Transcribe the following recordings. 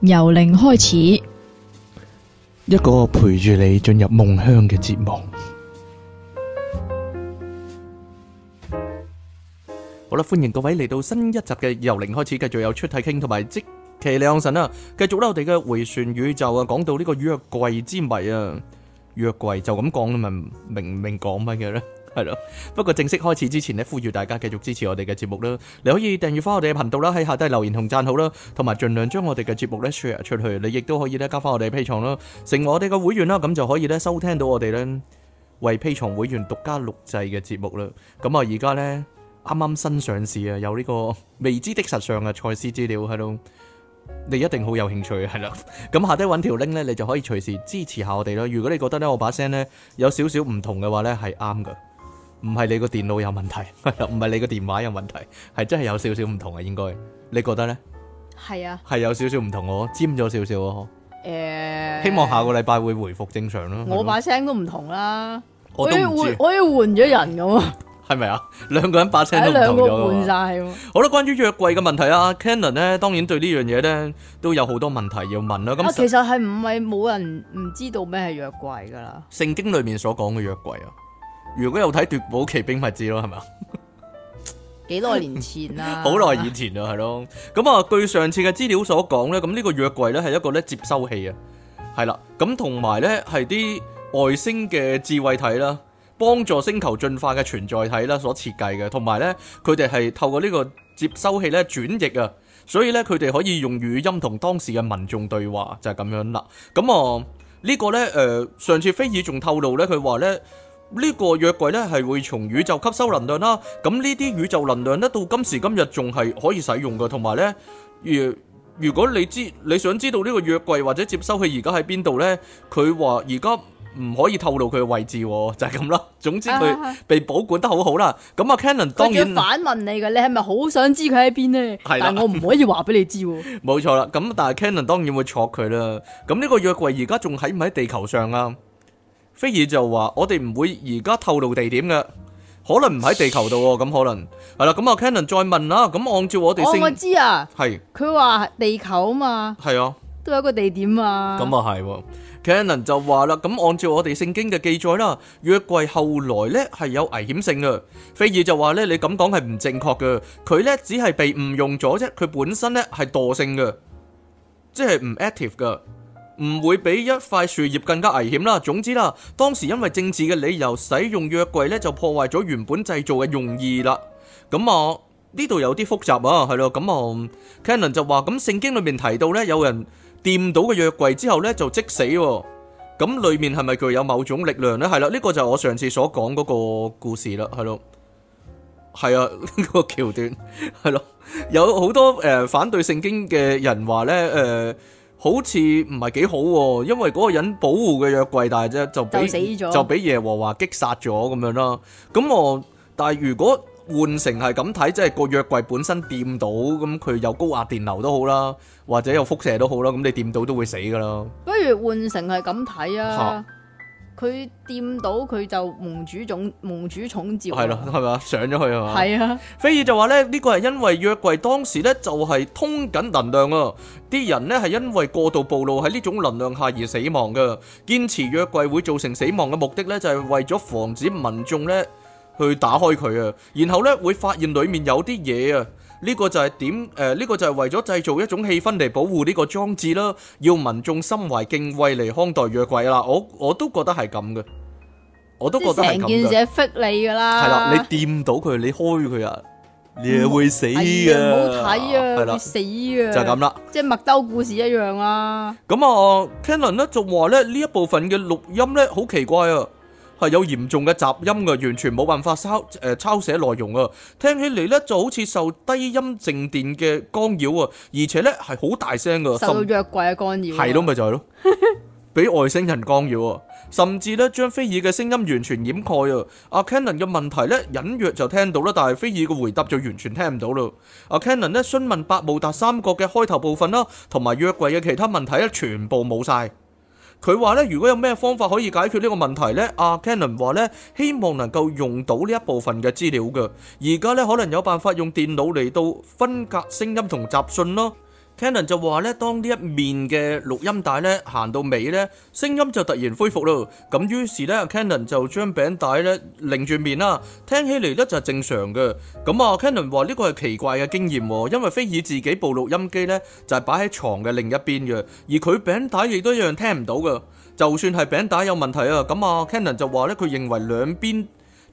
由零開始，一個陪住你進入夢鄉嘅節目。好啦，歡迎各位嚟到新一集嘅由零開始，繼續有出體傾同埋即其兩神啦。繼續啦，我哋嘅回旋宇宙啊，講到呢個約櫃之謎啊，約櫃就咁講，咪明唔明講乜嘅咧？係咯，不過正式開始之前呢呼籲大家繼續支持我哋嘅節目啦。你可以訂閱翻我哋嘅頻道啦，喺下低留言同讚好啦，同埋盡量將我哋嘅節目咧 share 出去。你亦都可以咧交翻我哋 P 唱啦，成為我哋嘅會員啦，咁就可以咧收聽到我哋咧為 P 唱會員獨家錄製嘅節目啦。咁啊，而家咧啱啱新上市啊，有呢個未知的實上嘅賽事資料喺度，你一定好有興趣係啦。咁 下低揾條 link 咧，你就可以隨時支持下我哋啦。如果你覺得咧我把聲咧有少少唔同嘅話咧，係啱嘅。唔係你個電腦有問題，唔係你個電話有問題，係真係有少少唔同啊！應該，你覺得咧？係啊，係有少少唔同，我尖咗少少誒，欸，希望下個禮拜會回復正常咯。我把聲都唔同啦，我要換，我要換咗人咁 啊？係咪啊？兩個人把聲都唔同換啊！換晒好啦。關於約櫃嘅問題啊，Canon 咧，當然對這件事呢樣嘢咧，都有好多問題要問啦。咁，其實係唔係冇人唔知道咩係約櫃噶啦？聖經裏面所講嘅約櫃啊？如果有睇《奪寶奇兵知道》咪知咯，係 咪啊？幾耐年前啦，好耐以前啦，係咯。咁啊，據上次嘅資料所講呢，咁呢個約櫃呢係一個呢接收器啊，係啦。咁同埋呢係啲外星嘅智慧體啦，幫助星球進化嘅存在體啦，所設計嘅，同埋呢，佢哋係透過呢個接收器呢轉譯啊，所以呢，佢哋可以用語音同當時嘅民眾對話就係、是、咁樣啦。咁啊呢個呢，誒、呃，上次菲爾仲透露呢，佢話呢。呢個藥櫃咧，係會從宇宙吸收能量啦，咁呢啲宇宙能量咧，到今時今日仲係可以使用㗎。同埋咧，如如果你知你想知道呢個藥櫃或者接收器而家喺邊度咧，佢話而家唔可以透露佢嘅位置，就係咁啦。總之佢被保管得好好啦。咁啊、啊、啊 Cannon 當然反問你㗎，你係咪好想知佢喺邊咧？係啦，我唔可以話俾你知。冇錯啦，咁但係 Cannon 當然會捉佢啦。咁呢個藥櫃而家仲喺唔喺地球上啊？菲爾就話：我哋唔會而家透露地點嘅，可能唔喺地球度喎。咁噓 可能係啦。咁啊，Cannon 再問啦。咁按照我哋聖經，我我知啊，係佢話地球啊嘛，係啊，都有一個地點嘛啊。咁啊係，Cannon 就話啦。咁按照我哋聖經嘅記載啦，約櫃後來咧係有危險性嘅。菲爾就話咧，你咁講係唔正確嘅。佢咧只係被誤用咗啫，佢本身咧係惰性嘅，即係唔 active 嘅。唔會比一塊樹葉更加危險啦。總之啦，當時因為政治嘅理由使用約櫃咧，就破壞咗原本製造嘅用意啦。咁啊，呢度有啲複雜啊，係咯。咁啊，Cannon 就話，咁聖經裏面提到咧，有人掂到嘅約櫃之後咧，就即死。咁裏面係咪具有某種力量咧？係啦，呢、這個就我上次所講嗰個故事啦，係咯，係啊，呢、那個橋段係咯，有好多誒、呃、反對聖經嘅人話咧，誒、呃。好似唔係幾好喎，因為嗰個人保護嘅約櫃，但係啫就俾死咗就俾耶和華擊殺咗咁樣啦。咁我但係如果換成係咁睇，即係個約櫃本身掂到，咁佢有高壓電流都好啦，或者有輻射都好啦，咁你掂到都會死噶啦。不如換成係咁睇啊！ 佢掂到佢就蒙主寵蒙主寵召，係啦，係咪？上咗去係嘛，係啊。是的 菲爾就話咧，呢、這個係因為約櫃當時咧就係通緊能量啊，啲人咧係因為過度暴露喺呢種能量下而死亡噶。堅持約櫃會造成死亡嘅目的咧，就係為咗防止民眾咧去打開佢啊，然後咧會發現裏面有啲嘢啊。呢個就係點誒？呢個就係為咗製造一種氣氛嚟保護呢個裝置啦，要民眾心懷敬畏嚟看待約櫃啦。我我都覺得係咁嘅，我都覺得係咁嘅。即係成件事闙你㗎啦。係啦，你掂到佢，你開佢啊，你會死嘅。唔好睇啊，係啦，死啊，就係咁啦，即係麥兜故事一樣啦。咁啊，Cannon 咧仲話咧呢一部分嘅錄音咧好奇怪啊！係有嚴重嘅雜音嘅，完全冇辦法抄誒抄寫內容啊！聽起嚟咧就好似受低音靜電嘅干擾啊，而且咧係好大聲嘅。受到約櫃嘅干擾。係咯，咪就係咯，俾外星人干擾啊，甚至咧將菲爾嘅聲音完全掩蓋啊！阿 Canon 嘅問題咧隱約就聽到啦，但係菲爾嘅回答就完全聽唔到咯。阿 Canon 咧詢問百慕達三角嘅開頭部分啦，同埋約櫃嘅其他問題咧全部冇晒。佢話咧，如果有咩方法可以解決呢個問題咧？阿 Canon 話咧，希望能夠用到呢一部分嘅資料嘅。而家咧，可能有辦法用電腦嚟到分隔聲音同雜訊咯。Cannon 就話咧，當呢一面嘅錄音帶咧行到尾咧，聲音就突然恢復咯。咁於是咧，Cannon 就將餅帶咧拎住面啦，聽起嚟咧就正常嘅。咁啊，Cannon 話呢個係奇怪嘅經驗，因為菲爾自己部錄音機咧就係擺喺床嘅另一邊嘅，而佢餅帶亦都一樣聽唔到嘅。就算係餅帶有問題啊，咁啊，Cannon 就話咧，佢認為兩邊。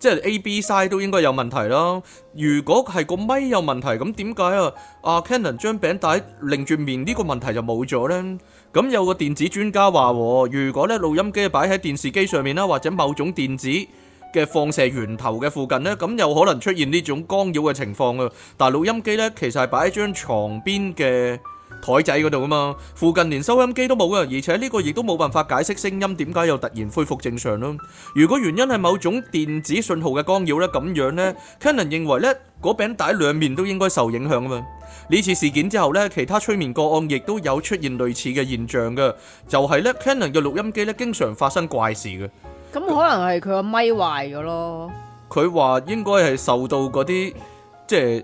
即係 A、B size 都應該有問題啦。如果係個咪有問題，咁點解啊？啊 Canon 將餅帶擰轉面，呢個問題就冇咗咧。咁有個電子專家話，如果咧錄音機擺喺電視機上面啦，或者某種電子嘅放射源頭嘅附近咧，咁有可能出現呢種干擾嘅情況啊。但係錄音機咧，其實係擺喺張牀邊嘅。台仔嗰度啊嘛，附近連收音機都冇呀，而且呢個亦都冇辦法解釋聲音點解又突然恢復正常咯。如果原因係某種電子信號嘅干擾咧，咁樣咧，Cannon 認為咧，嗰餅帶兩面都應該受影響啊嘛。呢次事件之後咧，其他催眠個案亦都有出現類似嘅現象嘅，就係咧，Cannon 嘅錄音機咧，經常發生怪事嘅。咁可能係佢個咪壞㗎咯。佢話應該係受到嗰啲即係。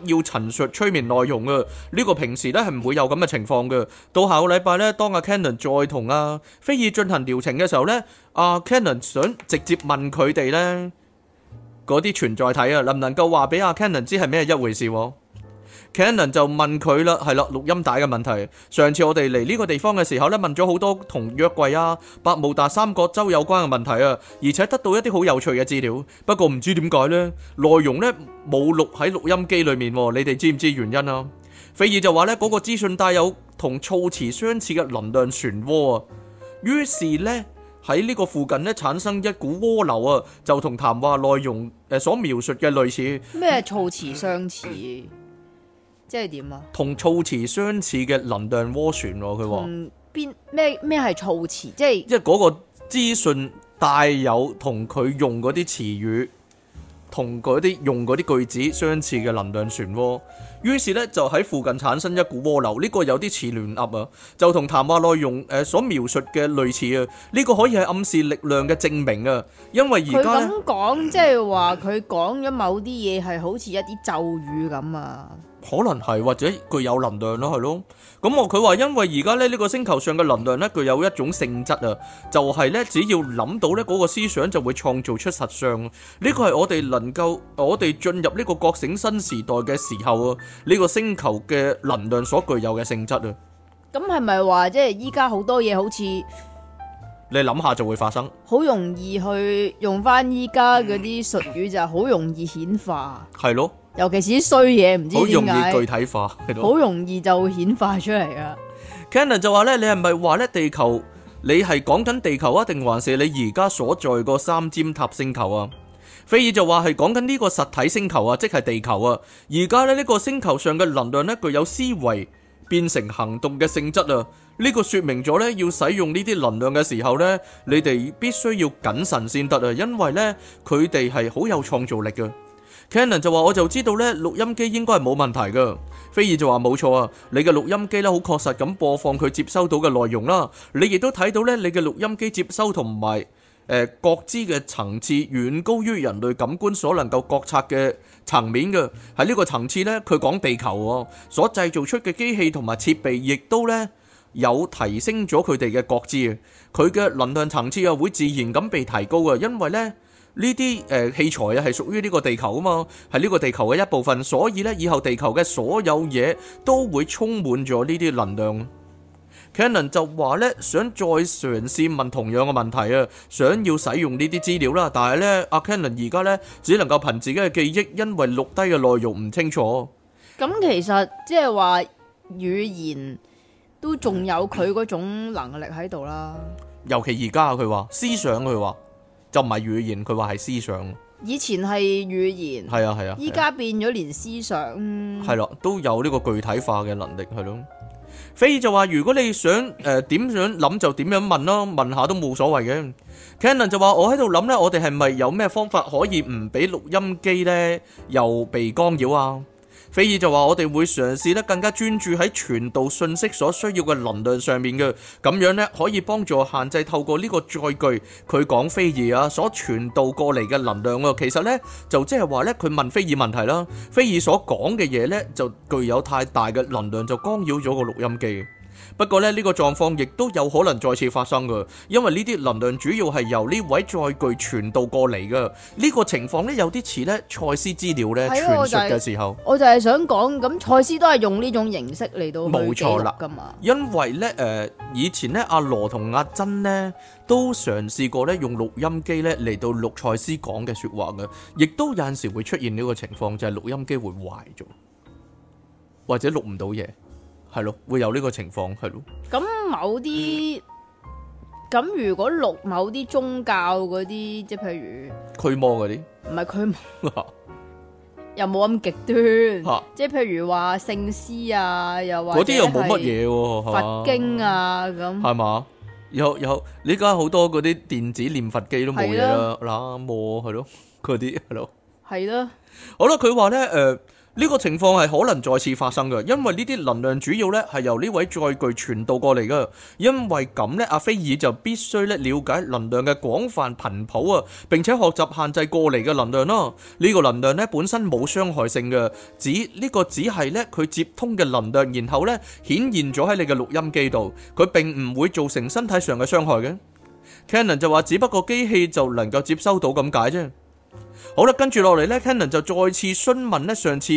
不要陳述催眠內容啊！呢、呢個平時呢係唔會有咁嘅情況嘅。到下個禮拜呢，當阿 Cannon 再同阿、啊、菲爾進行療程嘅時候呢，阿 Cannon 想直接問佢哋呢：「嗰啲存在體啊，能唔能夠話俾阿 Cannon 知係咩一回事？Canon 就問佢啦，係啦，錄音帶嘅問題。上次我哋嚟呢個地方嘅時候咧，問咗好多同約櫃啊、百慕達三角洲有關嘅問題啊，而且得到一啲好有趣嘅資料。不過唔知點解呢，內容呢冇錄喺錄音機裏面。你哋知唔知原因啊？菲爾就話呢，嗰個資訊帶有同措辭相似嘅能量漩渦啊。於是呢，喺呢個附近呢產生一股渦流啊，就同談話內容、呃、所描述嘅類似。咩措辭相似？ 即係點啊？同措詞相似嘅能量渦旋，佢話邊咩咩係措詞？即係即係嗰個資訊帶有同佢用嗰啲詞語同嗰啲用嗰啲句子相似嘅能量漩渦，於是呢，就喺附近產生一股渦流。呢個有啲似亂噏啊，就同談話內容誒所描述嘅類似啊。呢個可以係暗示力量嘅證明啊。因為佢咁講，即係話佢講咗某啲嘢，係好似一啲咒語咁啊。可能係或者具有能量咯，係咯。咁我佢話，因為而家咧呢個星球上嘅能量咧具有一種性質啊，就係咧只要諗到咧嗰個思想就會創造出實相。呢個係我哋能夠我哋進入呢個覺醒新時代嘅時候啊，呢個星球嘅能量所具有嘅性質啊。咁係咪話即係依家好多嘢好似你諗下就會發生，好容易去用翻依家嗰啲術語就好容易顯化，係咯。 是尤其是啲衰嘢，唔知點解好容易具體化，好的容易就顯化出嚟啊！Cannon 就話咧，你係咪話咧地球？你係講緊地球啊，定還是你而家所在個三尖塔星球啊？菲爾就話係講緊呢個實體星球啊，即、就、係、是、地球啊！而家咧呢個星球上嘅能量咧具有思維變成行動嘅性質啊！呢、這個説明咗咧，要使用呢啲能量嘅時候咧，你哋必須要謹慎先得啊，因為咧佢哋係好有創造力嘅。Canon 就話：我就知道呢，錄音機應該係冇問題噶。飛爾就話：冇錯啊，你嘅錄音機呢，好確實咁播放佢接收到嘅內容啦。你亦都睇到呢，你嘅錄音機接收同埋誒覺知嘅層次遠高於人類感官所能夠覺察嘅層面嘅。喺呢個層次呢，佢講地球所製造出嘅機器同埋設備，亦都呢，有提升咗佢哋嘅覺知啊。佢嘅能量層次啊，會自然咁被提高啊，因為呢。呢啲誒器材啊，係屬於呢個地球啊嘛，係呢個地球嘅一部分，所以呢，以後地球嘅所有嘢都會充滿咗呢啲能量。Cannon 就話呢，想再嘗試問同樣嘅問題啊，想要使用呢啲資料啦，但係呢，阿 Cannon 而家呢，只能夠憑自己嘅記憶，因為錄低嘅內容唔清楚。咁其實即係話語言都仲有佢嗰種能力喺度啦，尤其而家佢話思想佢話，就唔係語言，佢話係思想。以前係語言，係啊係啊，依家、啊啊、變咗連思想。係、嗯、咯、啊，都有呢個具體化嘅能力，係咯、啊。菲爾就話：如果你想誒點、呃、想諗就點樣問咯，問下都冇所謂嘅。肯 n 就話：我喺度諗咧，我哋係咪有咩方法可以唔俾錄音機咧又被干擾啊？菲爾就話：我哋會嘗試咧，更加專注喺傳導信息所需要嘅能量上面嘅，咁樣咧可以幫助限制透過呢個載具，佢講菲爾啊，所傳導過嚟嘅能量咯。其實咧就即係話咧，佢問菲爾問題啦，菲爾所講嘅嘢咧就具有太大嘅能量，就干擾咗個錄音機。不過咧，呢、這個狀況亦都有可能再次發生噶，因為呢啲能量主要係由呢位載具傳導過嚟㗎。呢、這個情況呢，有啲似呢賽斯資料呢傳說嘅時候，我就係、是、想講，咁賽斯都係用呢種形式嚟到冇錯啦噶嘛。因為呢，誒、呃，以前呢，羅阿羅同阿珍呢都嘗試過呢用錄音機呢嚟到錄賽斯講嘅說的話㗎，亦都有陣時會出現呢個情況，就係、是、錄音機會壞咗，或者錄唔到嘢。係咯，會有呢個情況，係咯。咁某啲咁如果錄某啲宗教嗰啲，即係譬如，驅魔嗰啲，唔係驅魔， 又冇咁極端，哈即係譬如話聖詩啊，又話嗰啲又冇乜嘢，佛經啊咁，係嘛、啊啊啊？有有，你而家好多嗰啲電子念佛機都冇嘢啦，嗱魔係咯，嗰啲係咯，係咯。的好啦，佢話咧，誒、呃。呢個情況係可能再次發生嘅，因為呢啲能量主要咧係由呢位載具傳導過嚟嘅。因為咁呢，阿菲爾就必須咧瞭解能量嘅廣泛頻譜啊，並且學習限制過嚟嘅能量咯。呢個能量咧本身冇傷害性嘅，只呢個只係咧佢接通嘅能量，然後咧顯現咗喺你嘅錄音機度，佢並唔會造成身體上嘅傷害嘅。Canon 就話，只不過機器就能夠接收到咁解啫。好啦，跟住落嚟呢 Cannon 就再次詢問呢上次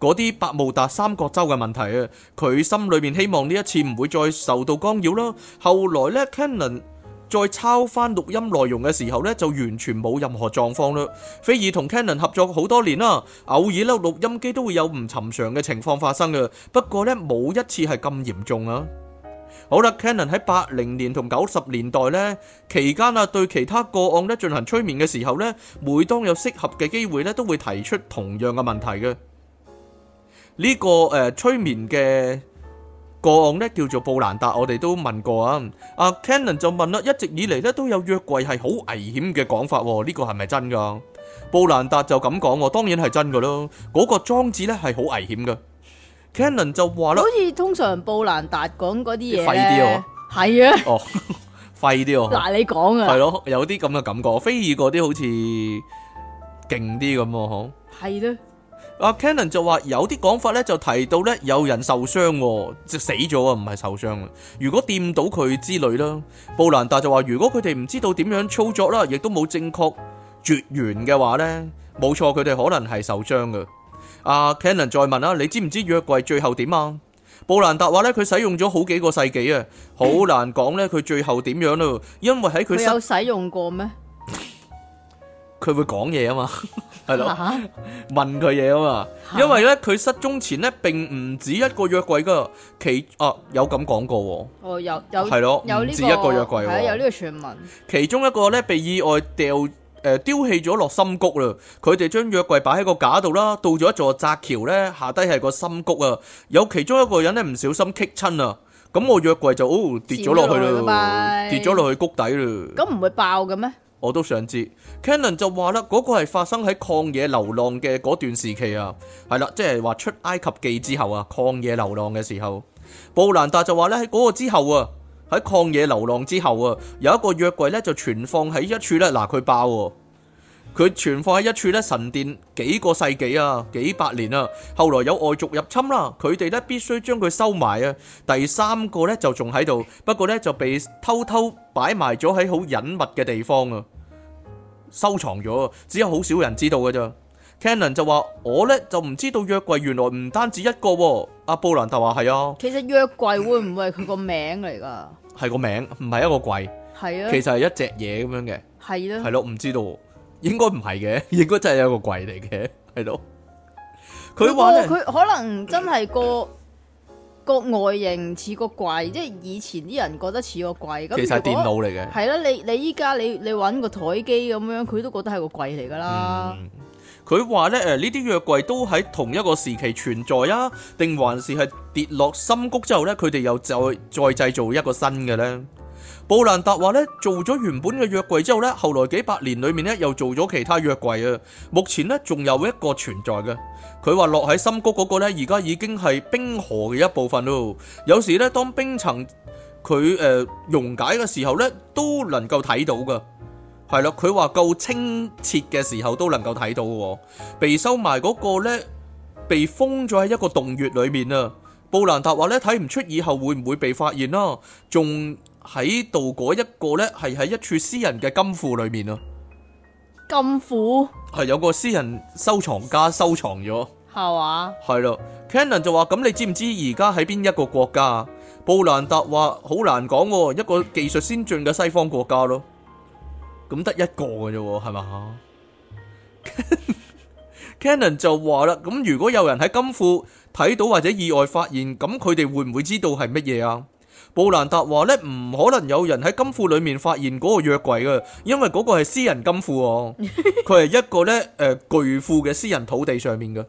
嗰啲百慕達三角洲嘅問題啊，佢心裏面希望呢一次唔會再受到干擾啦。後來呢 Cannon 再抄翻錄音內容嘅時候呢，就完全冇任何狀況啦。菲爾同 Cannon 合作好多年啦，偶爾呢錄音機都會有唔尋常嘅情況發生嘅，不過呢，冇一次係咁嚴重啊。好啦，Cannon 喺八零年同九十年代呢期間啊，對其他個案呢進行催眠嘅時候呢，每當有適合嘅機會呢都會提出同樣嘅問題嘅。呢、這個誒、呃、催眠嘅個案呢叫做布蘭達，我哋都問過啊。啊 Cannon 就問啦，一直以嚟呢都有約櫃係好危險嘅講法喎，呢、這個係咪真㗎？布蘭達就咁講喎，當然係真㗎咯。嗰、那個裝置呢係好危險嘅。Canon 就話咯，好似通常布蘭達講嗰啲嘢，廢啲喎，係啊，啊哦， 廢啲喎。嗱，你講啊，係咯 有啲咁嘅感覺。菲爾嗰啲好似勁啲咁喎，嗬、啊。係咯、啊，阿 Canon 就話有啲講法咧，就提到咧有人受傷，即死咗啊，唔係受傷啊。如果掂到佢之類啦，布蘭達就話，如果佢哋唔知道點樣操作啦，亦都冇正確絕緣嘅話咧，冇錯，佢哋可能係受傷噶。阿、uh, Canon 再問啦，你知唔知約櫃最後點啊？布蘭達話咧，佢使用咗好幾個世紀啊，好難講咧佢最後點樣咯，因為喺佢，佢有使用過咩？佢 會講嘢啊嘛，係 咯、啊？ 問佢嘢啊嘛，因為咧佢失蹤前咧並唔止一個約櫃噶，其啊有咁講過喎。哦，有有係咯，唔的、呢個、止一個約櫃，係有呢個傳聞。其中一個咧被意外掉，誒丟棄咗落深谷啦，佢哋將約櫃擺喺個架度啦，到咗一座窄橋咧，下低係個深谷啊，有其中一個人咧唔小心踢親啊，咁我約櫃就哦跌咗落去咯，跌咗落去谷底咯。咁唔會爆嘅咩？我都想知。Cannon 就話啦，嗰個係發生喺曠野流浪嘅嗰段時期啊，係啦，即係話出埃及記之後啊，曠野流浪嘅時候，布蘭達就話咧喺嗰個之後啊。喺曠野流浪之後啊，有一個約櫃咧就存放喺一處咧，嗱佢爆，佢存放喺一處咧神殿幾個世紀啊，幾百年啊，後來有外族入侵啦，佢哋咧必須將佢收埋啊。第三個咧就仲喺度，不過咧就被偷偷擺埋咗喺好隱密嘅地方啊，收藏咗，只有好少人知道嘅咋。Cannon 就話我咧就唔知道約櫃原來唔單止一個喎。阿布蘭特話係啊，其實約櫃會唔會係佢個名嚟噶？係 個名，唔係一個櫃。係啊，其實係一隻嘢咁樣嘅。係咯、啊，係咯，唔知道，應該唔係嘅，應該真係一個櫃嚟嘅，係咯。佢話佢可能真係個 個外形似個櫃， 即係以前啲人覺得似個櫃。其實係電腦嚟嘅，係啦，你你依家，你你揾個台機咁樣，佢都覺得係個櫃嚟噶啦。嗯佢話咧，誒呢啲約櫃都喺同一個時期存在啊，定還是係跌落深谷之後咧，佢哋又再再製造一個新嘅呢。布蘭達話咧，做咗原本嘅約櫃之後咧，後來幾百年裏面咧，又做咗其他約櫃啊。目前咧，仲有一個存在嘅。佢話落喺深谷嗰個咧，而家已經係冰河嘅一部分咯。有時咧，當冰層佢誒、呃、溶解嘅時候咧，都能夠睇到㗎。係啦，佢話夠清澈嘅時候都能夠睇到，被收埋嗰個呢，被封咗喺一個洞穴裏面啊。布蘭達話呢，睇唔出以後會唔會被發現啦，仲喺度嗰一個呢，係喺一處私人嘅金庫裏面啊。金庫虎係有個私人收藏家收藏咗，係嘛吧？係咯的，Cannon 就話咁，你知唔知而家喺邊一個國家？布蘭達話好難講，一個技術先進嘅西方國家咯。咁得一個嘅啫喎，係嘛？Cannon 就話啦，咁如果有人喺金庫睇到或者意外發現，咁佢哋會唔會知道係乜嘢啊？布蘭達話咧，唔可能有人喺金庫裡面發現嗰個約櫃嘅，因為嗰個係私人金庫，佢係一個咧誒巨富嘅私人土地上面嘅，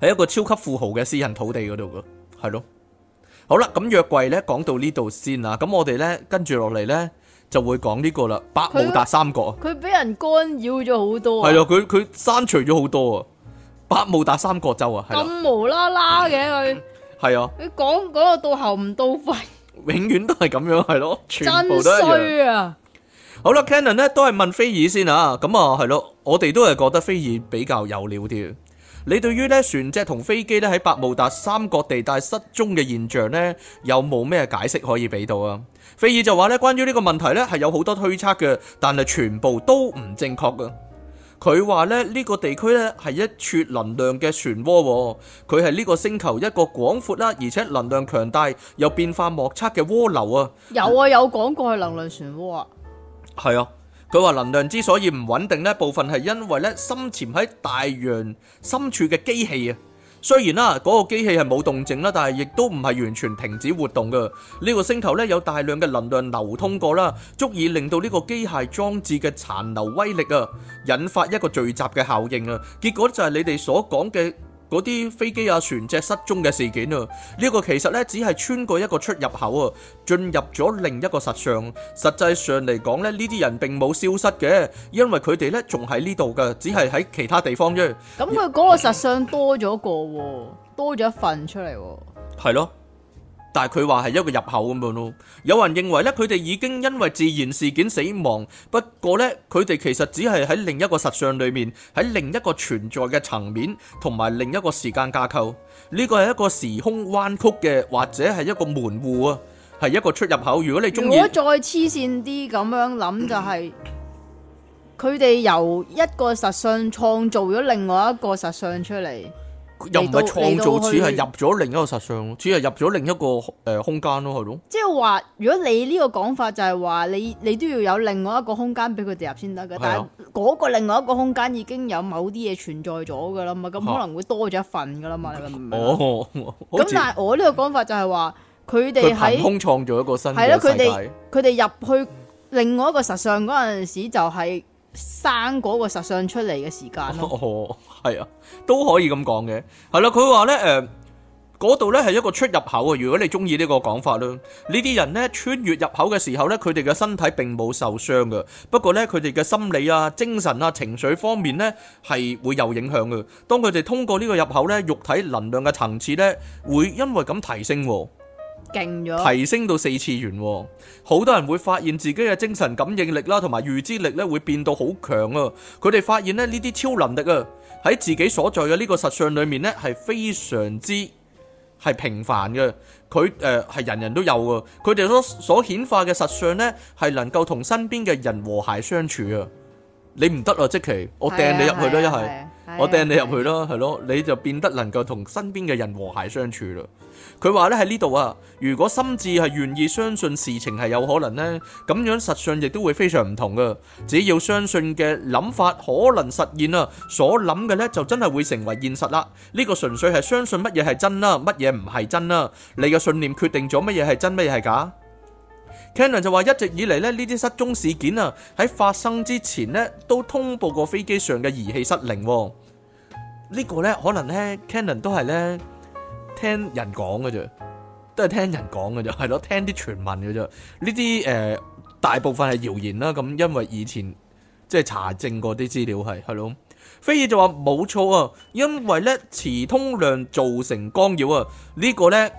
係一個超級富豪嘅私人土地嗰度嘅，係咯。好啦，咁約櫃咧講到呢度先啊，咁我哋咧跟住落嚟咧。就會講呢個啦，百慕達三角啊，佢俾人干擾咗好多啊，係啊，佢佢刪除咗好多啊，百慕達三角洲啊，咁無啦啦嘅佢，係啊，講講到到喉唔到肺，永遠都係咁樣，係咯，真衰啊！啊好啦，Cannon 咧都係問菲爾先啊，咁、嗯、啊係咯，我哋都係覺得菲爾比較有料啲。你對於咧船隻同飛機咧喺百慕達三角地帶失蹤嘅現象咧，有冇咩解釋可以俾到啊？菲爾就話咧，關於呢個問題咧，係有好多推測嘅，但係全部都唔正確噶。佢話咧，呢個地區咧係一處能量嘅漩渦，佢係呢個星球一個廣闊啦，而且能量強大又變化莫測嘅渦流啊！有啊，有講過係能量漩渦啊。係啊，佢話能量之所以唔穩定呢，部分係因為咧深潛喺大洋深處嘅機器啊。雖然啦，嗰個機器係冇動靜啦，但係亦都唔係完全停止活動噶。呢、這個星球咧有大量嘅能量流通過啦，足以令到呢個機械裝置嘅殘留威力啊，引發一個聚集嘅效應啊，結果就係你哋所講嘅。嗰啲飛機啊、船隻失蹤嘅事件啊，呢個其實呢，只係穿過一個出入口啊，進入咗另一個實相。實際上嚟講呢，呢啲人並冇消失嘅，因為佢哋呢仲喺呢度㗎，只係喺其他地方啫。咁佢嗰個實相多咗個喎，多咗一份出嚟喎。係咯。但佢話係一個入口咁樣咯。有人認為咧，佢哋已經因為自然事件死亡。不過呢，佢哋其實只係喺另一個實相裏面，喺另一個存在嘅層面，同埋另一個時間架構。呢個係一個時空彎曲嘅，或者係一個門戶啊，係一個出入口。如果你中意，如果再黐線啲咁樣諗，就係，就係佢哋由一個實相創造咗另外一個實相出嚟。又唔係創造，只係入咗另一個實相，只係入咗另一個誒、呃、空間咯，係咯。即係話，如果你呢個講法就係話，你你都要有另外一個空間俾佢哋入先得嘅，的但係嗰個另外一個空間已經有某啲嘢存在咗嘅啦，咪咁的可能會多咗一份嘅啦嘛。你明唔明？哦。咁、哦、但係我呢個講法就係話，佢哋喺空創造一個新的，係咯，佢哋佢哋入去另外一個實相嗰陣時就係、是。生嗰個實相出嚟嘅時間咯，係啊，都可以咁講嘅，係啦。佢話咧，誒，嗰度咧係一個出入口啊。如果你中意呢個講法咧，呢啲人咧穿越入口嘅時候咧，佢哋嘅身體並冇受傷嘅，不過咧佢哋嘅心理啊、精神啊、情緒方面咧係會有影響嘅。當佢哋通過呢個入口咧，肉體能量嘅層次咧會因為咁提升。提升到四次元，好多人會發現自己嘅精神感應力啦，同埋預知力咧會變到好強啊！佢哋發現咧呢啲超能力啊，喺自己所在嘅呢個實相裏面咧係非常之係平凡嘅，佢誒係人人都有噶，佢哋所所顯化嘅實相咧係能夠同身邊嘅人和諧相處啊！你唔得啊，即期我掟你入去啦一係。 我掟你入去咯，係咯，你就變得能夠同身邊嘅人和諧相處啦。佢話咧喺呢度啊，如果心智係願意相信事情係有可能呢，咁樣實相亦都會非常唔同噶。只要相信嘅諗法可能實現啊，所諗嘅呢就真係會成為現實啦。呢個純粹係相信乜嘢係真啦，乜嘢唔係真啦。你嘅信念決定咗乜嘢係真，乜嘢係假。Canon 就話：一直以嚟咧，呢啲失蹤事件啊，喺發生之前咧，都通報過飛機上嘅儀器失靈、哦。這個、呢個咧，可能咧 Canon 都係咧，聽人講㗎啫，都係聽人講㗎啫，係咯，聽啲傳聞㗎啫。呢啲、呃、大部分係謠言啦。咁因為以前即係、就是、查證過啲資料係係咯。飛爾就話冇錯啊，因為咧，磁通量造成干擾啊，這個、呢個咧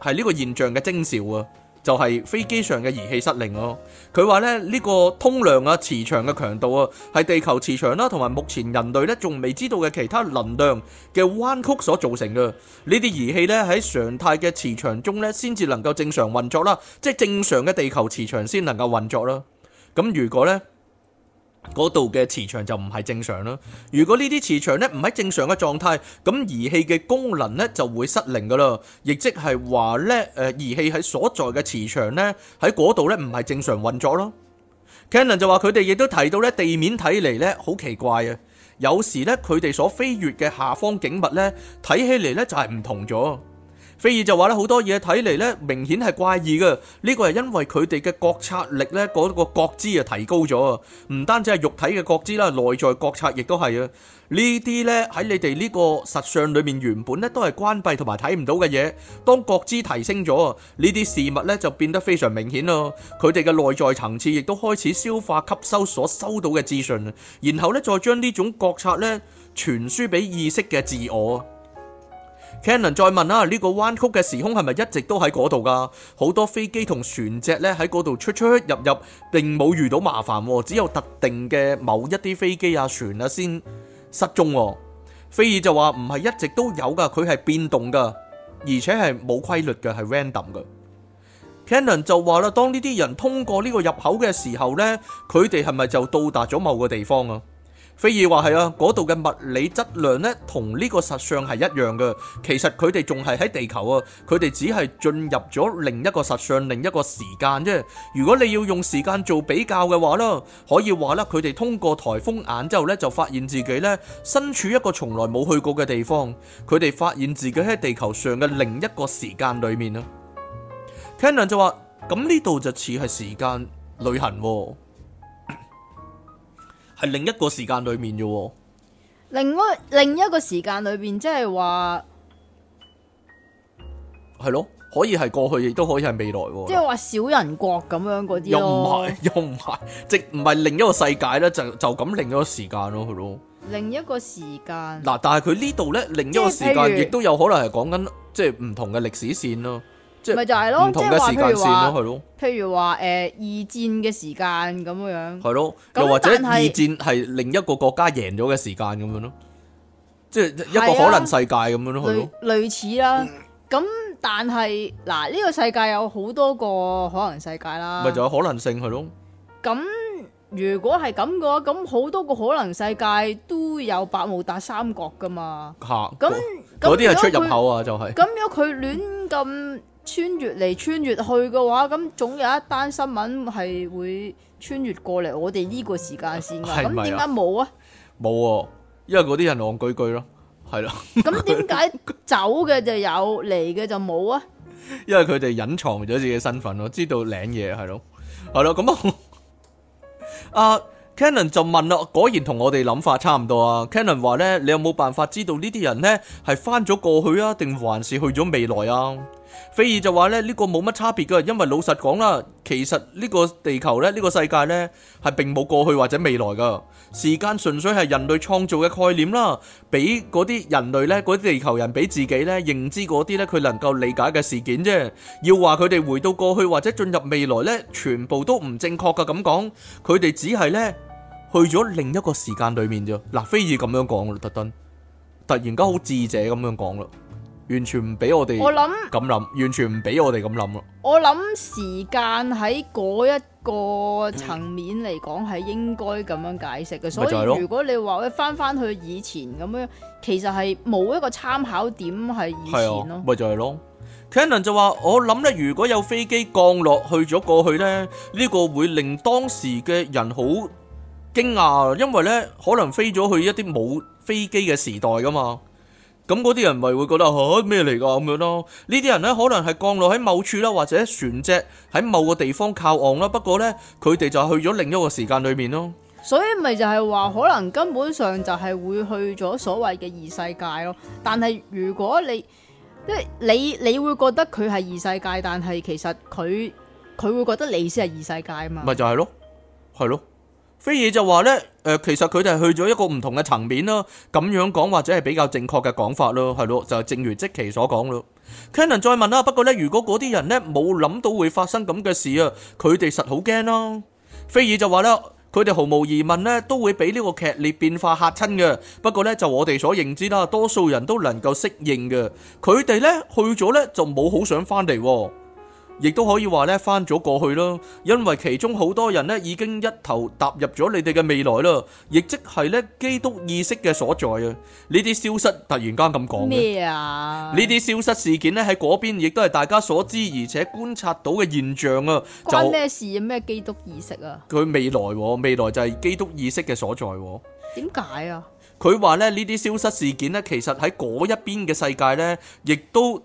係呢個現象嘅徵兆啊。就係飛機上嘅儀器失靈咯。佢話咧，呢個通量啊、磁場嘅強度啊，係地球磁場啦，同埋目前人類咧仲未知道嘅其他能量嘅彎曲所造成嘅。呢啲儀器咧喺常態嘅磁場中咧先至能夠正常運作啦，即係正常嘅地球磁場先能夠運作啦。咁如果咧，嗰度嘅磁場就唔係正常啦。如果呢啲磁場咧唔喺正常嘅狀態，咁儀器嘅功能咧就會失靈噶啦。亦即係話咧，誒儀器喺所在嘅磁場咧喺嗰度咧唔係正常運作咯。Canon 就話佢哋亦都提到咧地面睇嚟咧好奇怪啊，有時咧佢哋所飛越嘅下方景物咧睇起嚟咧就係唔同咗。菲爾就話咧，好多嘢睇嚟咧，明顯係怪異嘅。呢個係因為佢哋嘅覺察力咧，嗰個覺知啊提高咗。唔單止係肉體嘅覺知啦，內在覺察亦都係啊。呢啲咧喺你哋呢個實相裏面原本咧都係關閉同埋睇唔到嘅嘢。當覺知提升咗，呢啲事物咧就變得非常明顯咯。佢哋嘅內在層次亦都開始消化吸收所收到嘅資訊，然後咧再將呢種覺察咧傳輸俾意識嘅自我。Canon 再問啦，呢個彎曲嘅時空係咪一直都喺嗰度噶？好多飛機同船隻咧喺嗰度出出入入，並冇遇到麻煩，只有特定嘅某一啲飛機啊、船啊先失蹤。菲爾就話唔係一直都有噶，佢係變動噶，而且係冇規律嘅，係 random 嘅。Canon 就話啦，當呢啲人通過呢個入口嘅時候呢，佢哋係咪就到達咗某個地方啊？菲爾話：係啊，嗰度嘅物理質量呢，同呢個實相係一樣嘅。其實佢哋仲係喺地球啊，佢哋只係進入咗另一個實相、另一個時間啫。如果你要用時間做比較嘅話啦，可以話咧，佢哋通過颱風眼之後呢，就發現自己呢，身處一個從來冇去過嘅地方。佢哋發現自己喺地球上嘅另一個時間裏面啦。卡納就話：咁呢度就似係時間旅行喎，啊。係另一個時間裏面嘅喎，另外另一個時間裏邊，即係話係咯，可以係過去，亦都可以係未來。即係話小人國咁樣嗰啲咯，又唔係又唔係，即唔係另一個世界咧，就就咁另一個時間咯，係咯，另一個時間。嗱，但係佢呢度咧，另一個時間亦都有可能係講緊即係唔同嘅歷史線咯。即係咪就係咯？唔同嘅時間線咯，係咯。譬如話誒二戰嘅時間咁樣。係咯，又或者二戰係另一個國家贏咗嘅時間咁樣咯。即係一個可能世界咁樣咯，係咯。類似啦，咁但係嗱呢個世界有好多個可能世界啦。咪就有可能性係咯。咁如果係咁嘅話，咁好多個可能世界都有百慕達三角噶嘛？吓，咁嗰啲係出入口啊，就係。咁樣佢亂咁。穿越嚟穿越去嘅話，咁總有一單新聞係會穿越過嚟我哋呢個時間線㗎。咁點解冇啊？冇啊，啊，因為嗰啲人戇居居咯，係咯。咁點解走嘅就有，嚟嘅 就冇啊？因為佢哋隱藏咗自己身份咯，知道領嘢係咯，係咯。咁啊，阿 Canon 就問啦，果然同我哋諗法差唔多啊。Canon 話咧，你有冇辦法知道呢啲人咧係翻咗過去啊，定還是去咗未來啊？菲爾就話咧呢個冇乜差別㗎，因為老實講啦，其實呢個地球呢，呢個世界呢，係並冇過去或者未來噶，時間純粹係人類創造嘅概念啦，俾嗰啲人類呢，嗰啲地球人俾自己呢，認知嗰啲呢，佢能夠理解嘅事件啫。要話佢哋回到過去或者進入未來呢，全部都唔正確噶。咁講，佢哋只係呢，去咗另一個時間裏面啫。嗱，菲爾咁樣講啦，特登，突然間好智者咁樣講啦。完全唔俾我哋，我諗咁諗，完全唔俾我哋咁諗。我諗時間喺嗰一個層面嚟講，係應該咁樣解釋嘅。嗯、所以如果你話喂，翻翻去以前咁樣，其實係冇一個參考點係以前咯。咪、啊、就係、是、咯。Cannon 就話我諗咧，如果有飛機降落去咗過去咧，呢、呢個會令當時嘅人好驚訝，因為咧可能飛咗去一啲冇飛機嘅時代噶嘛。咁嗰啲人咪會覺得吓咩嚟？噶咁樣咯？呢啲人呢可能係降落喺某處啦，或者船隻喺某個地方靠岸啦。不過呢，佢哋就去咗另一個時間裏面咯。所以咪就係話，可能根本上就係會去咗所謂嘅異世界咯。但係如果你即係你，你，你會覺得佢係異世界，但係其實佢佢會覺得你先係異世界啊嘛。咪就係咯，係咯。菲爾就話呢，誒其實佢哋去咗一個唔同嘅層面咯，咁樣講或者係比較正確嘅講法咯，係咯，就正如積奇所講咯。Cannon 再問啦，不過呢，如果嗰啲人呢冇諗到會發生咁嘅事啊，佢哋實好驚咯。菲爾就話啦，佢哋毫無疑問呢都會俾呢個劇烈變化嚇親嘅，不過呢，就我哋所認知啦，多數人都能夠適應嘅，佢哋呢去咗呢，就冇好想返嚟喎。亦都可以話咧翻咗過去咯，因為其中好多人咧已經一頭踏入咗你哋嘅未來啦，亦即係咧基督意識嘅所在啊！呢啲消失突然間咁講嘅咩啊？呢啲消失事件咧喺嗰邊亦都係大家所知而且觀察到嘅現象啊！關咩事啊？咩基督意識啊？佢未來，未來就係基督意識嘅所在。點解啊？佢話咧呢啲消失事件咧，其實喺嗰一邊嘅世界咧，亦都。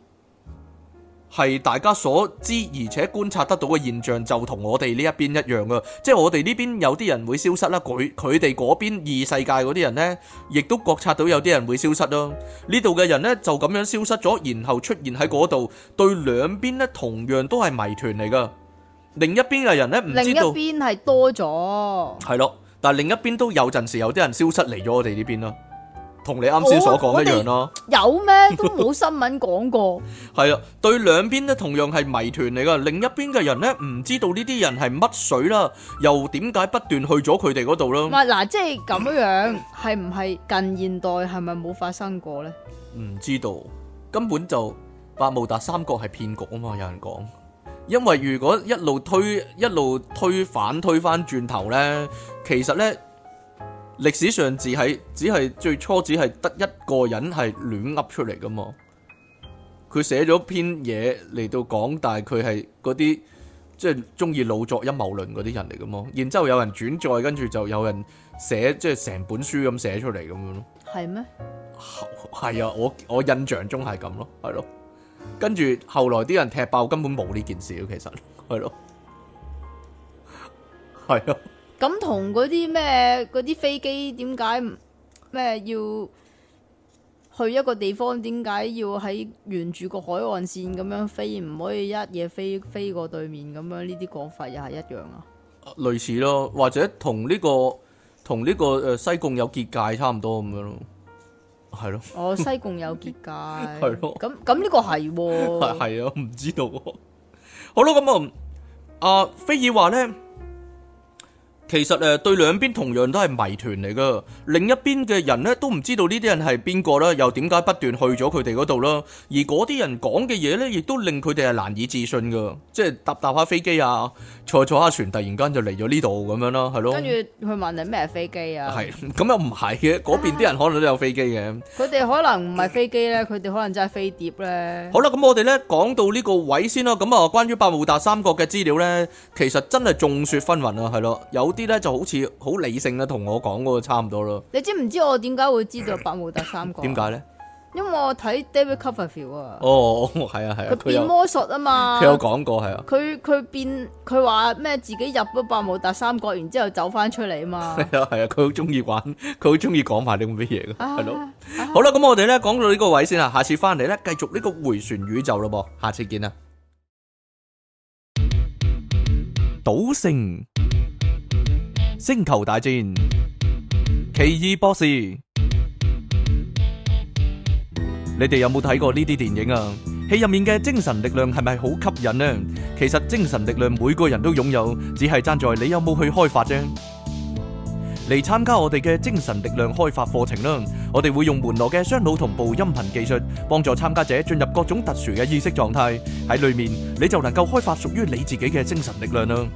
係大家所知，而且觀察得到嘅現象就同我哋呢一邊一樣噶，即係我哋呢邊有啲人會消失啦，佢佢哋嗰邊異世界嗰啲人呢，亦都覺察到有啲人會消失咯。呢度嘅人呢，就咁樣消失咗，然後出現喺嗰度，對兩邊呢，同樣都係謎團嚟噶。另一邊嘅人呢，唔知道。另一邊係多咗，係咯，但係另一邊都有陣時有啲人消失嚟咗我哋呢邊啦。同你啱先所講一樣咯，有咩都冇新聞講過。係啊，對兩邊咧同樣係謎團嚟噶，另一邊嘅人咧唔知道呢啲人係乜水啦，又點解不斷去咗佢哋嗰度啦？唔係嗱，即係咁樣樣，係唔係近現代係咪冇發生過咧？唔知道，根本就百慕達三角係騙局啊嘛！有人講，因為如果一路推一路推反推翻轉頭咧，其實咧。歷史上係只係只係最初只係得一個人係亂噏出嚟㗎嘛，佢寫咗篇嘢嚟到講，但係佢係嗰啲即係鍾意老作陰謀論嗰啲人嚟㗎嘛，然之後有人轉載，跟住就有人寫即係成本書咁寫出嚟咁樣咯。係咩？係啊，我我印象中係咁咯，係咯、啊。跟住後來啲人踢爆根本冇呢件事，其實係咯，係咯、啊。咁同嗰啲咩嗰啲飛機點解咩要去一個地方？點解要喺沿住個海岸綫咁樣飛？唔可以一嘢飛飛過對面咁樣？呢啲講法又係一樣啊？類似咯，或者同呢、這個同呢個誒西貢有結界差唔多咁樣咯，係咯。哦， 西貢有結界，係咯 了。咁咁呢個係喎？係啊， 唔知道。好啦，咁啊，阿、呃、菲爾話咧。其實誒，對兩邊同樣都係謎團嚟噶。另一邊嘅人咧，都唔知道呢啲人係邊個啦，又點解不斷去咗佢哋嗰度啦？而嗰啲人講嘅嘢咧，亦都令佢哋係難以置信噶。即係搭搭下飛機啊，坐坐下船，突然間就嚟咗呢度咁樣啦，係咯。跟住去問你咩飛機啊？係咁又唔係嘅，嗰邊啲人可能都有飛機嘅。佢哋、啊、可能唔係飛機咧，佢哋 可能真係飛碟咧。好啦，咁我哋咧講到呢個位先咯。咁啊，關於百慕達三角嘅資料咧，其實真係眾說紛紜啊，係咯，有啲。啲咧就好似好理性啦，同我講嗰個差唔多咯。你知唔知我點解會知道百慕達三角？點解咧？因為我睇 David Copperfield 啊。哦，哦，係啊，係啊。佢變魔術啊嘛。佢有講過係啊。佢佢變佢話咩？自己入咗百慕達三角，然之後走翻出嚟啊嘛。係啊係啊，佢好中意玩，佢好中意講埋啲咁嘅嘢噶。係咯。好啦，咁我哋咧講到呢個位先啦，下次翻嚟咧繼續呢個回旋宇宙咯噃。下次見啦。賭聖。星球大戰、奇異博士，你哋有冇睇過呢啲電影啊？戲入面嘅精神力量係咪好吸引呢？其實精神力量每個人都擁有，只係站在你有冇去開發啫。嚟參加我哋嘅精神力量開發課程啦！我哋會用門羅嘅雙腦同步音頻技術，幫助參加者進入各種特殊嘅意識狀態。喺裏面你就能夠開發屬於你自己嘅精神力量啦。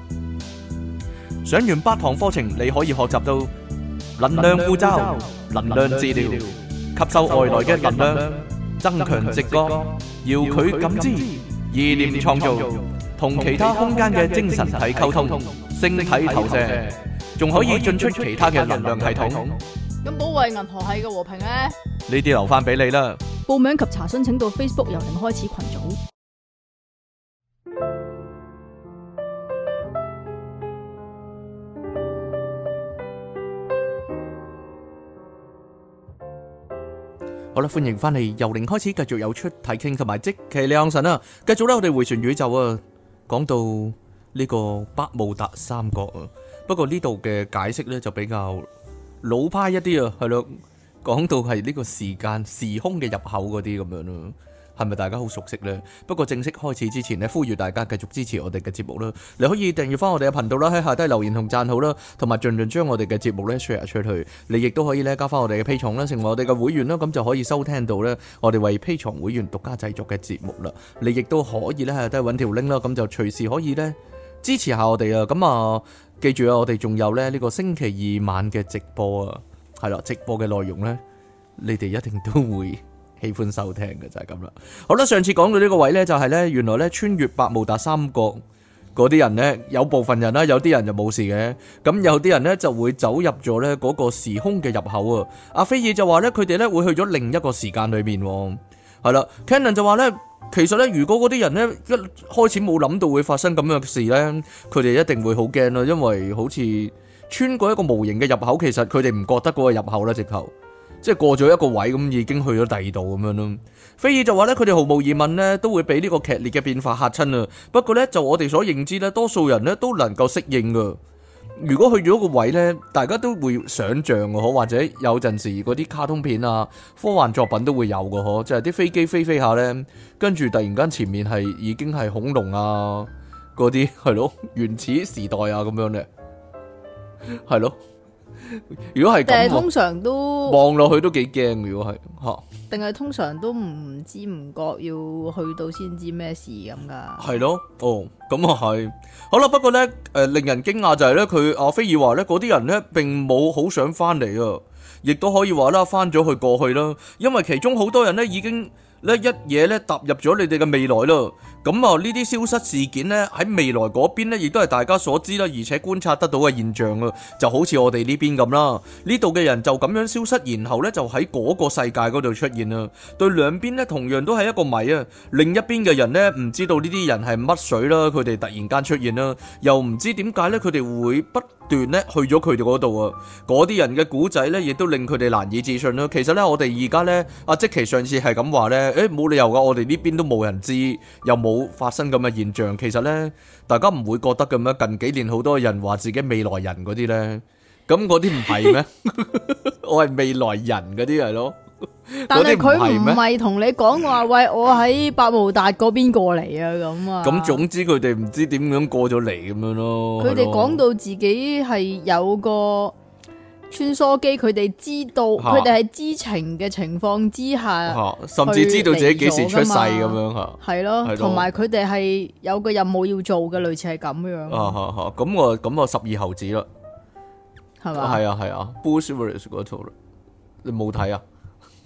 上完八堂課程，你可以學習到能量護罩、能量治療、吸收外來嘅能量、增強直覺、遙距感知、意念創造、同其他空間嘅精神體溝通、星體投射，仲可以進出其他嘅能量系統。咁保衛銀河系嘅和平咧？呢啲留翻俾你啦。報名及查詢請到 Facebook 由零開始群組。好啦，歡迎翻嚟由零開始，繼續有出睇傾，同埋即其亮神啊！繼續咧，我哋迴旋宇宙啊，講到呢個百慕達三角啊，不過呢度嘅解釋咧就比較老派一啲啊，係咯，講到係呢個時間時空嘅入口嗰啲咁樣咯。係咪大家好熟悉呢？不過正式開始之前呢呼籲大家繼續支持我哋嘅節目啦！你可以訂閱翻我哋嘅頻道啦，喺下低留言同讚好啦，同埋盡量將我哋嘅節目咧 share 出去。你亦都可以咧加翻我哋嘅 P 重啦，成為我哋嘅會員啦，咁就可以收聽到呢我哋為 P 重會員獨家製作嘅節目啦。你亦都可以咧都係搵條 link 啦，咁就隨時可以咧支持下我哋啊！咁啊，記住啊，我哋仲有呢呢、這個星期二晚嘅直播啊，係啦，直播嘅內容呢，你哋一定都會。喜歡收聽嘅就係咁啦。好啦，上次講到呢個位呢，就係呢。原來呢，穿越百慕達三角嗰啲人呢，有部分人啦，有啲人就冇事嘅，咁有啲人呢，就會走入咗呢嗰個時空嘅入口啊。阿菲爾就話呢，佢哋呢會去咗另一個時間裏面喎。係啦，Cannon 就話呢，其實呢，如果嗰啲人呢一開始冇諗到會發生咁樣嘅事呢，佢哋一定會好驚咯，因為好似穿過一個無形嘅入口，其實佢哋唔覺得嗰個入口啦，直頭。即係過咗一個位咁，已經去咗第二度咁樣咯。菲爾就話咧，佢哋毫無疑問咧，都會俾呢個劇烈嘅變化嚇親啊。不過咧，就我哋所認知咧，多數人咧都能夠適應噶。如果去咗一個位咧，大家都會想像嘅呵，或者有陣時嗰啲卡通片啊、科幻作品都會有嘅呵，就係啲飛機飛飛下咧，跟住突然間前面係已經係恐龍啊嗰啲係咯，原始時代啊咁樣咧，係咯。如果係，但係通常都望落去都幾驚。如果係，吓，定係通常都唔知唔覺要去到先知咩事咁噶。係咯，哦，咁啊係。好啦，不過咧，誒、呃，令人驚訝就係咧，佢阿菲爾話咧，嗰啲人咧並冇好想翻嚟啊，亦都可以話啦，翻咗去過去啦，因為其中好多人咧已經咧一嘢咧踏入咗你哋嘅未來啦。咁啊，呢啲消失事件呢，喺未來嗰邊呢，亦都係大家所知啦，而且觀察得到嘅現象啊，就好似我哋呢邊咁啦，呢度嘅人就咁樣消失，然後呢，就喺嗰個世界嗰度出現啦。對兩邊呢，同樣都係一個謎啊。另一邊嘅人呢，唔知道呢啲人係乜水啦，佢哋突然間出現啦，又唔知點解呢，佢哋會不。段咧去咗佢哋嗰度啊，嗰啲人嘅古仔咧，亦都令佢哋難以置信啦。其實咧，我哋而家咧，阿即其上次係咁話咧，誒、欸、冇理由噶，我哋呢邊都冇人知，又冇發生咁嘅現象。其實咧，大家唔會覺得咁樣近幾年好多人話自己未來人嗰啲咧，咁嗰啲唔係咩？ 我係未來人嗰啲係咯。 但係佢唔係同你講話，喂，我喺百慕達嗰邊過嚟啊，咁啊。咁總之佢哋唔知點樣過咗嚟，咁樣咯。佢哋講到自己係有個穿梭機，佢哋的知道，佢哋係知情嘅情況之下，甚至知道自己幾時出世咁樣吓，係咯，同埋佢哋係有個任務要做嘅，類似係咁樣啊。咁的我咁我十二猴子啦，係嘛係啊係啊，Bruce Willis 嗰套啦，你冇睇啊？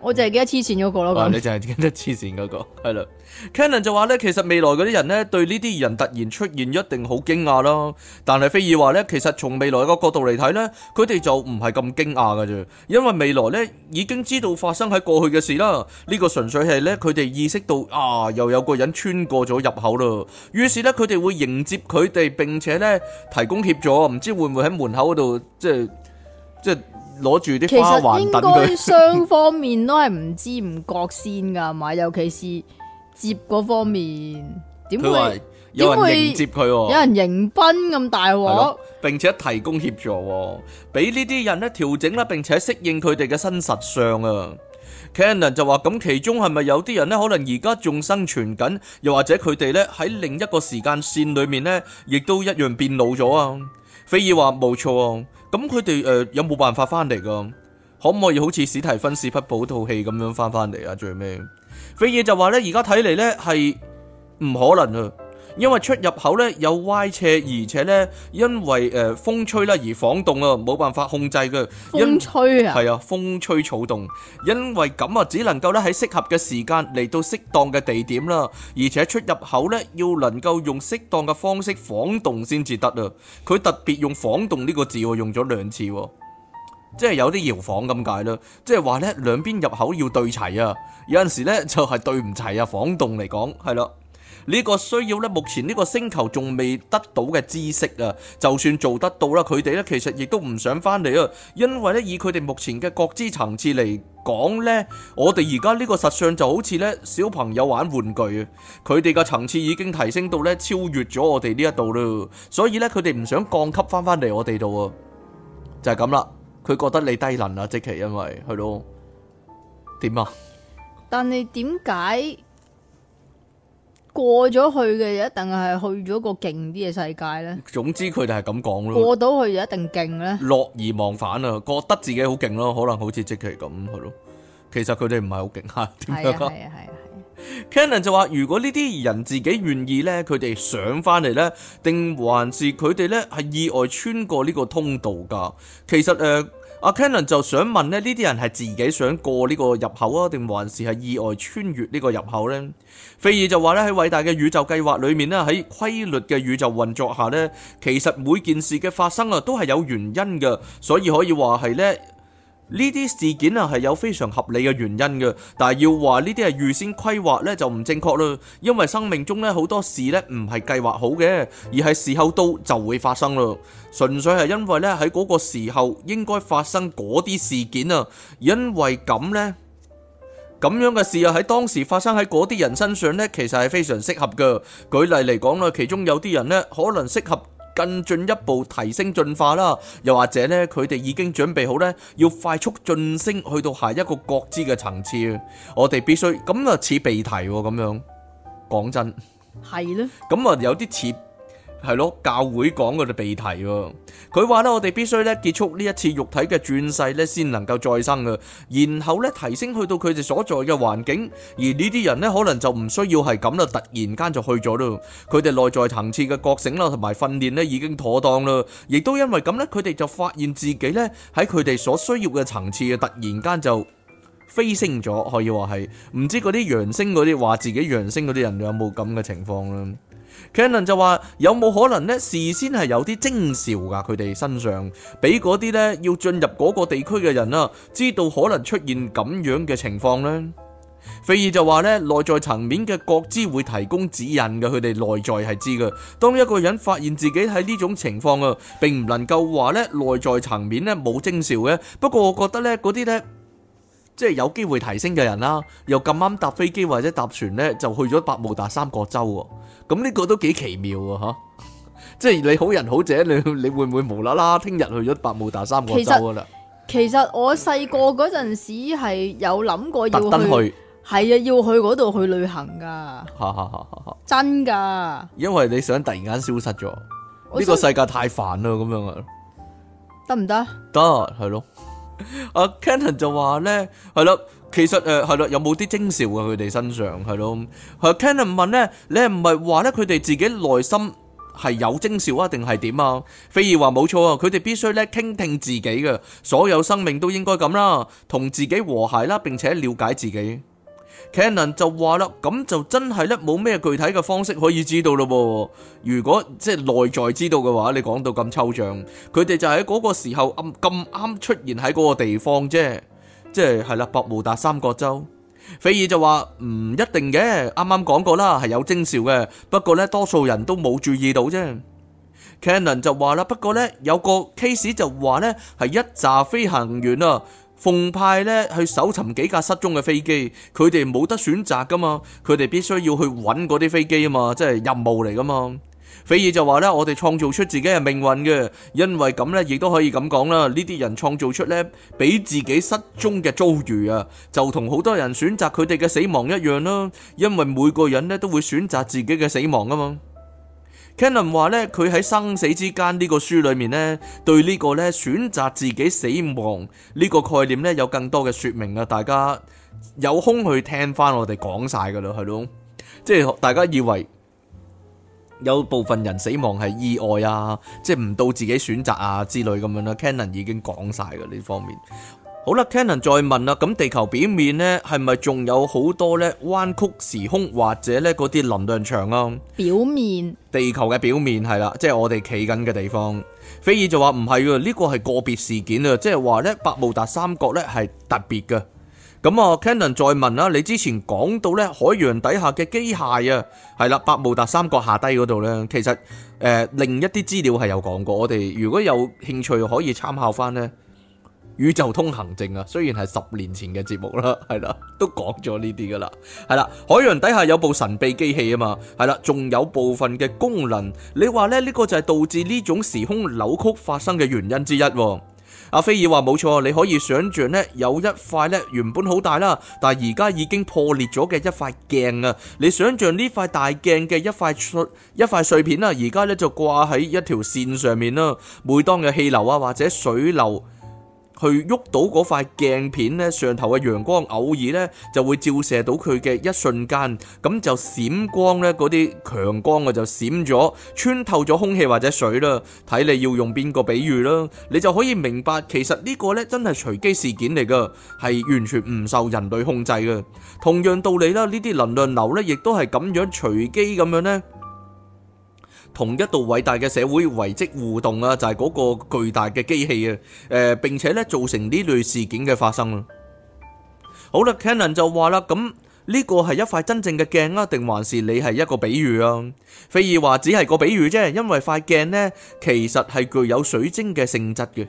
我就係記得黐線嗰個咯，你就係記得黐線嗰個，係啦。Canon 就話咧，其實未來嗰啲人咧，對呢啲人突然出現一定好驚訝啦，但係菲爾話咧，其實從未來個角度嚟睇咧，佢哋就唔係咁驚訝㗎啫，因為未來咧已經知道發生喺過去嘅事啦。呢個純粹係咧，佢哋意識到啊，又有個人穿過咗入口啦，於是咧佢哋會迎接佢哋，並且咧提供協助。唔知會唔會喺門口嗰度，即係即係。攞住啲花環等佢。其實應該雙方面都係唔知唔覺先㗎嘛， 尤其是接嗰方面，點會？有人迎接佢，有人迎賓咁大鑊。並且提供協助，俾呢啲人咧調整啦，並且適應佢哋嘅新實相啊。Cannon 就話：咁其中係咪有啲人咧，可能而家仲生存緊，又或者佢哋咧喺另一個時間線裏面咧，亦都一樣變老咗啊？菲爾話：冇錯。咁佢哋誒有冇辦法翻嚟㗎？可唔可以好似史提芬史匹堡套戲咁樣翻翻嚟啊？最尾，肥嘢就話咧，而家睇嚟咧係唔可能啊！因為出入口咧有歪斜，而且咧因為誒、呃、風吹啦而晃動啊，冇辦法控制嘅。風吹啊？係啊，風吹草動。因為咁啊，只能夠咧喺適合嘅時間嚟到適當嘅地點啦。而且出入口咧要能夠用適當嘅方式晃動先至得啊。佢特別用晃動呢個字，用咗兩次，即係有啲搖晃咁解啦。即係話咧兩邊入口要對齊啊。有陣時咧就係、是、對唔齊啊，晃動嚟講係啦。呢個需要咧，目前呢個星球仲未得到嘅知識啊，就算做得到啦，佢哋呢其實亦都唔想翻嚟啊，因為呢，以佢哋目前嘅覺知層次嚟講呢，我哋而家呢個實相就好似呢小朋友玩玩具啊，佢哋嘅層次已經提升到呢超越咗我哋呢一度咯，所以呢，佢哋唔想降級翻翻嚟我哋度啊，就係咁啦，佢覺得你低能啊，即係因為係咯，點啊？麼但你點解？過咗去嘅一定係去咗個勁啲嘅世界咧。總之佢哋係咁講咯。過到去就一定勁咧。樂而忘返啊，覺得自己好勁咯，可能好似即奇咁係咯。其實佢哋唔係好勁下，點樣啊？Cannon 就話：如果呢啲人自己願意咧，佢哋上翻嚟咧，定還是佢哋咧係意外穿過呢個通道㗎？其實誒。呃阿 Canon 就想問咧，呢啲人係自己想過呢個入口啊，定還是係意外穿越呢個入口咧？菲爾就話咧，喺偉大嘅宇宙計劃裏面咧，喺規律嘅宇宙運作下咧，其實每件事嘅發生啊，都係有原因嘅，所以可以話係咧。呢啲事件啊，係有非常合理嘅原因嘅。但係要話呢啲係預先規劃呢就唔正確啦。因為生命中呢好多事呢唔係計劃好嘅，而係時候到就會發生啦。純粹係因為呢喺嗰個時候應該發生嗰啲事件啊，因為咁呢，咁樣嘅事啊喺當時發生喺嗰啲人身上呢，其實係非常適合嘅。舉例嚟講啦，其中有啲人呢，可能適合。更進一步提升進化啦，又或者咧，佢哋已經準備好咧，要快速進升去到下一個國資嘅層次，我哋必須咁啊似被提咁樣講真，係咯的，咁啊有啲似。係咯，教會講嘅被提。佢話咧，我哋必須咧結束呢一次肉體嘅轉世咧，先能夠再生嘅。然後咧，提升去到佢哋所在嘅環境。而呢啲人咧，可能就唔需要係咁啦，突然間就去咗咯。佢哋內在層次嘅覺醒啦，同埋訓練咧已經妥當啦。亦都因為咁咧，佢哋就發現自己咧喺佢哋所需要嘅層次啊突然間就飛升咗，可以話係。唔知嗰啲揚升嗰啲話自己揚升嗰啲人有冇咁嘅情況啦。Canon 就話有冇可能事先係有啲徵兆㗎？佢哋身上俾嗰啲呢要進入嗰個地區嘅人啊，知道可能出現咁樣嘅情況呢？菲爾就話呢內在層面嘅覺知會提供指引嘅，佢哋內在係知嘅。當一個人發現自己喺呢種情況啊，並唔能夠話呢內在層面呢冇徵兆嘅。不過我覺得呢嗰啲呢。即係有機會提升嘅人啦，又咁啱搭飛機或者搭船呢，就去咗百慕達三角洲喎。咁呢個都幾奇妙喎，嚇！即係你好人好者，你你會唔會無啦啦聽日去咗百慕達三角洲㗎啦？其實，其實我細個嗰陣時係有諗過要特登去，係啊，要去嗰度去旅行㗎。 真㗎的，因為你想突然間消失咗呢想個世界太煩啦，咁樣啊，得唔得？得，係咯。阿 Cannon 就話咧，係啦，其實誒，係啦，有冇啲徵兆喺佢哋身上係咯，阿 Cannon 問咧，你係唔係話咧，佢哋自己內心係有徵兆啊，定係點啊？菲兒話冇錯啊，佢哋必須咧傾聽自己嘅，所有生命都應該咁啦，同自己和諧啦，並且了解自己。Canon 就話啦，咁就真係咧冇咩具體嘅方式可以知道咯噃。如果即係內在知道嘅話，你講到咁抽象，佢哋就喺嗰個時候咁啱出現喺嗰個地方啫。即係係啦，百慕達三角洲。菲爾就話唔一定嘅，啱啱講過啦，係有徵兆嘅。不過咧，多數人都冇注意到啫。Canon 就話啦，不過咧，有個 case 就話咧係一紮飛行員啊。奉派咧去搜尋幾架失蹤嘅飛機，佢哋冇得選擇噶嘛，佢哋必須要去揾嗰啲飛機啊嘛，即係任務嚟噶嘛。菲爾就話咧，我哋創造出自己嘅命運嘅，因為咁咧亦都可以咁講啦。呢啲人創造出咧，俾自己失蹤嘅遭遇啊，就同好多人選擇佢哋嘅死亡一樣啦，因為每個人咧都會選擇自己嘅死亡啊嘛。Cannon 話咧，佢喺生死之間呢個書裏面咧，對呢個咧選擇自己死亡呢個概念咧，有更多嘅說明啊！大家有空去聽翻我哋講晒噶啦，係咯，即係大家以為有部分人死亡係意外啊，即係唔到自己選擇啊之類咁樣啦。Cannon 已經講晒噶呢方面。好啦，Canon 再問啦，咁地球表面呢，係咪仲有好多呢彎曲時空或者呢嗰啲能量場啊？表面，地球嘅表面係啦，即係、就是、我哋企緊嘅地方。菲爾就話唔係喎，呢、這個係個別事件啊，即係話呢，百慕達三角呢係特別嘅。咁啊，Canon 再問啦，你之前講到呢海洋底下嘅機械啊，係啦，百慕達三角下低嗰度呢，其實誒、呃、另一啲資料係有講過，我哋如果有興趣可以參考翻呢。宇宙通行證啊，雖然係十年前嘅節目啦，係啦，都講咗呢啲噶啦，係啦，海洋底下有部神秘機器啊嘛，係啦，仲有部分嘅功能，你話呢，呢個就係導致呢種時空扭曲發生嘅原因之一。阿菲爾話冇錯，你可以想象呢，有一塊呢原本好大啦，但係而家已經破裂咗嘅一塊鏡啊，你想象呢塊大鏡嘅一塊碎一塊碎片啦，而家呢就掛喺一條線上面啦，每當嘅氣流啊或者水流，去喐到嗰塊鏡片呢，上頭嘅陽光偶爾呢就會照射到佢嘅一瞬間，咁就閃光呢，嗰啲強光啊就閃咗，穿透咗空氣或者水啦，睇你要用邊個比喻啦，你就可以明白其實呢個呢真係隨機事件嚟噶，係完全唔受人類控制㗎。同樣道理啦，呢啲能量流呢亦都係咁樣隨機咁樣呢。同一度偉大嘅社會遺跡互動啊，就係、是、嗰個巨大嘅機器啊、呃，並且咧造成呢類事件嘅發生啦。好啦 Cannon 就話啦，咁、嗯、呢、這個係一塊真正嘅鏡啊，定還是你係一個比喻啊？菲爾話只係個比喻啫，因為塊鏡呢其實係具有水晶嘅性質嘅。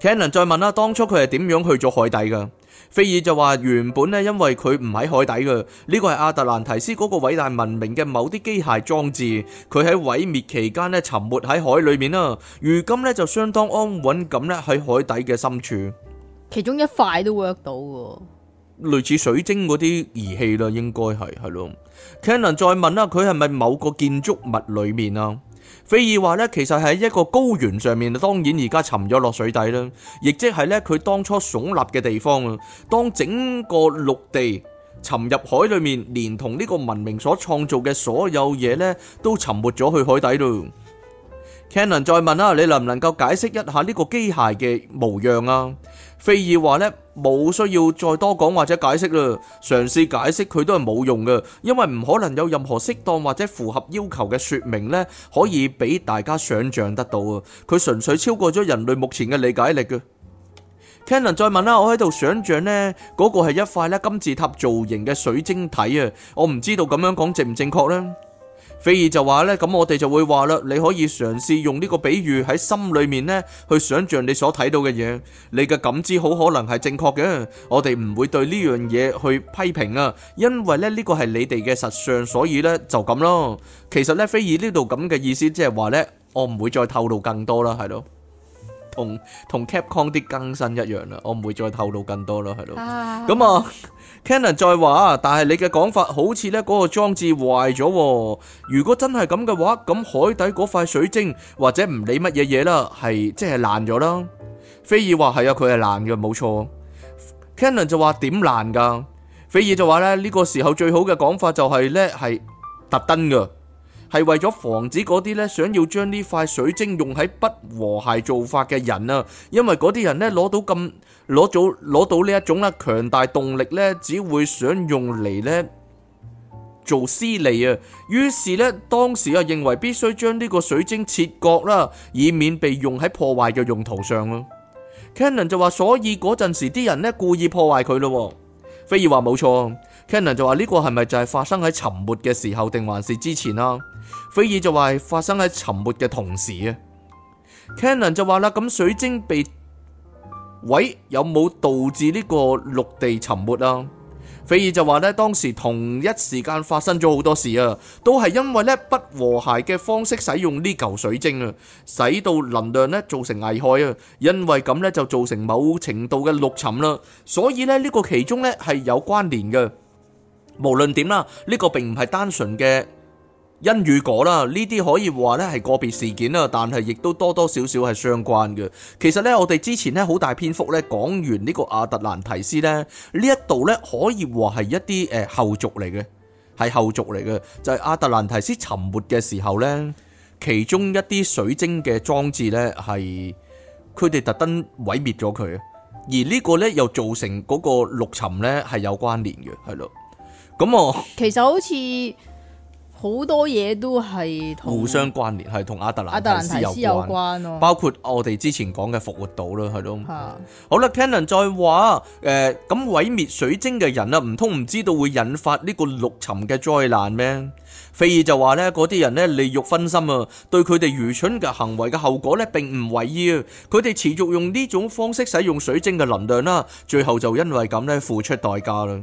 Cannon 再問啦，當初佢係點樣去咗海底㗎？菲爾就話：原本呢因為佢唔喺海底嘅，呢個係亞特蘭提斯嗰個偉大文明嘅某啲機械裝置，佢喺毀滅期間呢沉沒喺海裏面啦。如今呢就相當安穩咁呢喺海底嘅深處。其中一塊都 work 到嘅，類似水晶嗰啲儀器啦，應該係係咯。Cannon 再問啦：佢係咪某個建築物裏面啊？菲爾話呢，其實係一個高原上面，當然而家沉咗落水底啦，亦即係呢，佢當初聳立嘅地方。當整個陸地沉入海裏面，連同呢個文明所創造嘅所有嘢呢，都沉沒咗去海底咯。Cannon 再問啦，你能唔能夠解釋一下呢個機械嘅模樣啊？菲爾話呢。冇需要再多講或者解釋嘞，嘗試解釋佢都係冇用嘅，因為唔可能有任何適當或者符合要求嘅説明咧，可以俾大家想像得到啊！佢純粹超過咗人類目前嘅理解力嘅。Cannon 再問啦，我喺度想像咧，嗰個係一塊咧金字塔造型嘅水晶體啊，我唔知道咁樣講正唔正確咧。菲爾就話呢，咁我哋就會話啦，你可以嘗試用呢個比喻喺心裏面呢去想象你所睇到嘅嘢，你嘅感知好可能係正確嘅，我哋唔會對呢樣嘢去批評啊，因為呢呢個係你哋嘅實相，所以呢，就咁咯。其實呢，菲爾呢度咁嘅意思，即係話呢，我唔會再透露更多啦，係咯。同同 Capcom 啲更新一樣啦，我唔會再透露更多啦，係咯。咁啊，Cannon 再話，但係你嘅講法好似咧嗰個裝置壞咗喎。如果真係咁嘅話，咁海底嗰塊水晶或者唔理乜嘢嘢啦，係即係爛咗啦。菲爾話係啊，佢係爛嘅，冇錯。Cannon 就話點爛㗎？菲爾就話咧，呢個時候最好嘅講法就係咧，係特登㗎。係為咗防止嗰啲咧想要將呢塊水晶用喺不和諧做法嘅人啊，因為嗰啲人咧攞到咁攞到攞到呢一種啦強大動力咧，只會想用嚟咧做私利啊。於是咧，當時啊，認為必須將呢個水晶切割啦，以免被用喺破壞嘅用途上啊。Canon 就話：所以嗰陣時啲人咧故意破壞佢咯。菲爾話：冇錯。Cannon 就話呢個係咪就係發生喺沉沒嘅時候定還是之前啊？菲爾就話，係發生喺沉沒嘅同時啊。Cannon 就話啦，咁水晶被毀有冇導致呢個陸地沉沒啊？菲爾就話呢，當時同一時間發生咗好多事啊，都係因為呢不和諧嘅方式使用呢嚿水晶啊，使到能量呢造成危害啊，因為咁呢就造成某程度嘅陸沉啦，所以呢，呢個其中呢係有關聯嘅。無論點啦，呢、這個並唔係單純嘅因與果啦，呢啲可以話呢係個別事件啦，但係亦都多多少少係相關嘅。其實呢，我哋之前呢，好大篇幅呢講完呢個亞特蘭提斯呢，呢一度呢，可以話係一啲誒後續嚟嘅，係後續嚟嘅，就係、是、亞特蘭提斯沉沒嘅時候呢，其中一啲水晶嘅裝置呢，係佢哋特登毀滅咗佢，而呢個呢，又造成嗰個陸沉呢，係有關聯嘅，係咯。咁我其實好似好多嘢都係互相關聯，係同亞特蘭蒂斯有關咯。包括我哋之前講嘅復活島啦，係咯。的好啦 Cannon 再話誒，咁、呃、毀滅水晶嘅人啊，唔通唔知道會引發呢個陸沉嘅災難咩？菲爾就話呢，嗰啲人呢，利欲薰心啊，對佢哋愚蠢嘅行為嘅後果呢並唔為意，佢哋持續用呢種方式使用水晶嘅能量啦，最後就因為咁呢付出代價啦。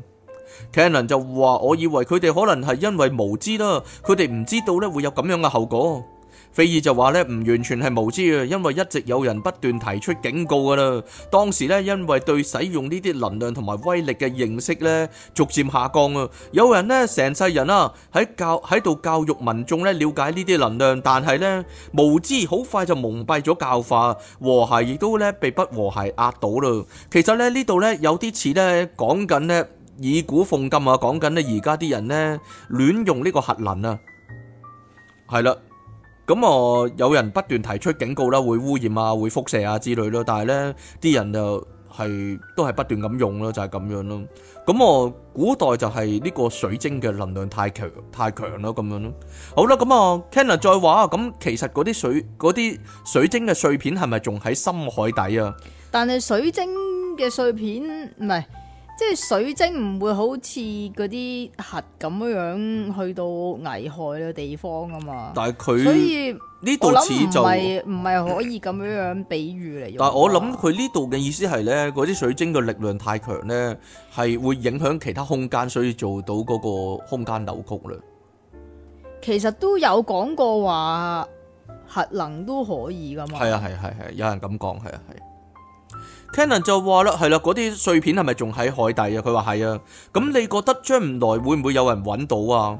a n 卡 n 就話，我以為佢哋可能係因為無知啦，佢哋唔知道咧會有咁樣嘅後果。菲爾就話咧唔完全係無知嘅，因為一直有人不斷提出警告噶啦。當時咧，因為對使用呢啲能量同埋威力嘅認識咧，逐漸下降啊。有人咧成世人啊喺教喺度教育民眾咧了解呢啲能量，但係咧無知好快就蒙蔽咗教化，和諧亦都咧被不和諧壓倒啦。其實咧呢度咧有啲似咧講緊咧。以古奉今啊，講緊咧而家啲人呢，亂用呢個核能啊，係啦，咁啊有人不斷提出警告啦，會污染啊，會輻射啊之類咯，但係呢啲人就係都係不斷咁用咯，就係咁樣咯。咁我古代就係呢個水晶嘅能量太強太強咯，咁樣咯。好啦，咁啊 Cannon 再話啊，咁其實嗰啲水啲水晶嘅碎片係咪仲喺深海底啊？但係水晶嘅碎片唔係。即係水晶唔會好似嗰啲核咁樣樣去到危害嘅地方㗎嘛，但係它佢所以呢度似就唔係唔係可以咁樣樣比喻嚟。但係我諗佢呢度嘅意思係咧，嗰啲水晶嘅力量太強咧，係會影響其他空間，所以做到嗰個空間扭曲啦。其實都有講過話核能都可以噶嘛，係啊係係係，有人咁講係啊係。Canon 就話啦，係啦，嗰啲碎片係咪仲喺海底，他說是啊？佢話係啊，咁你覺得將來會唔會有人揾到啊？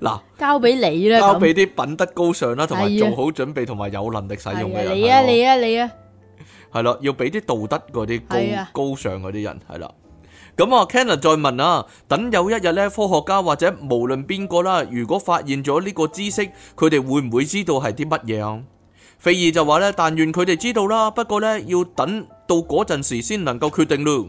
嗱，交俾你啦，交俾啲品德高尚啦，同埋做好準備同埋有能力使用嘅人。係啊，你啊，你啊，係咯，要俾啲道德嗰啲高高尚嗰啲人，係啦。咁啊，Cannon 再問啊，等有一日咧，科學家或者無論邊個啦，如果發現咗呢個知識，佢哋會唔會知道係啲乜嘢啊？菲爾就話咧，但願佢哋知道啦，不過咧要等到嗰陣時先能夠決定咯。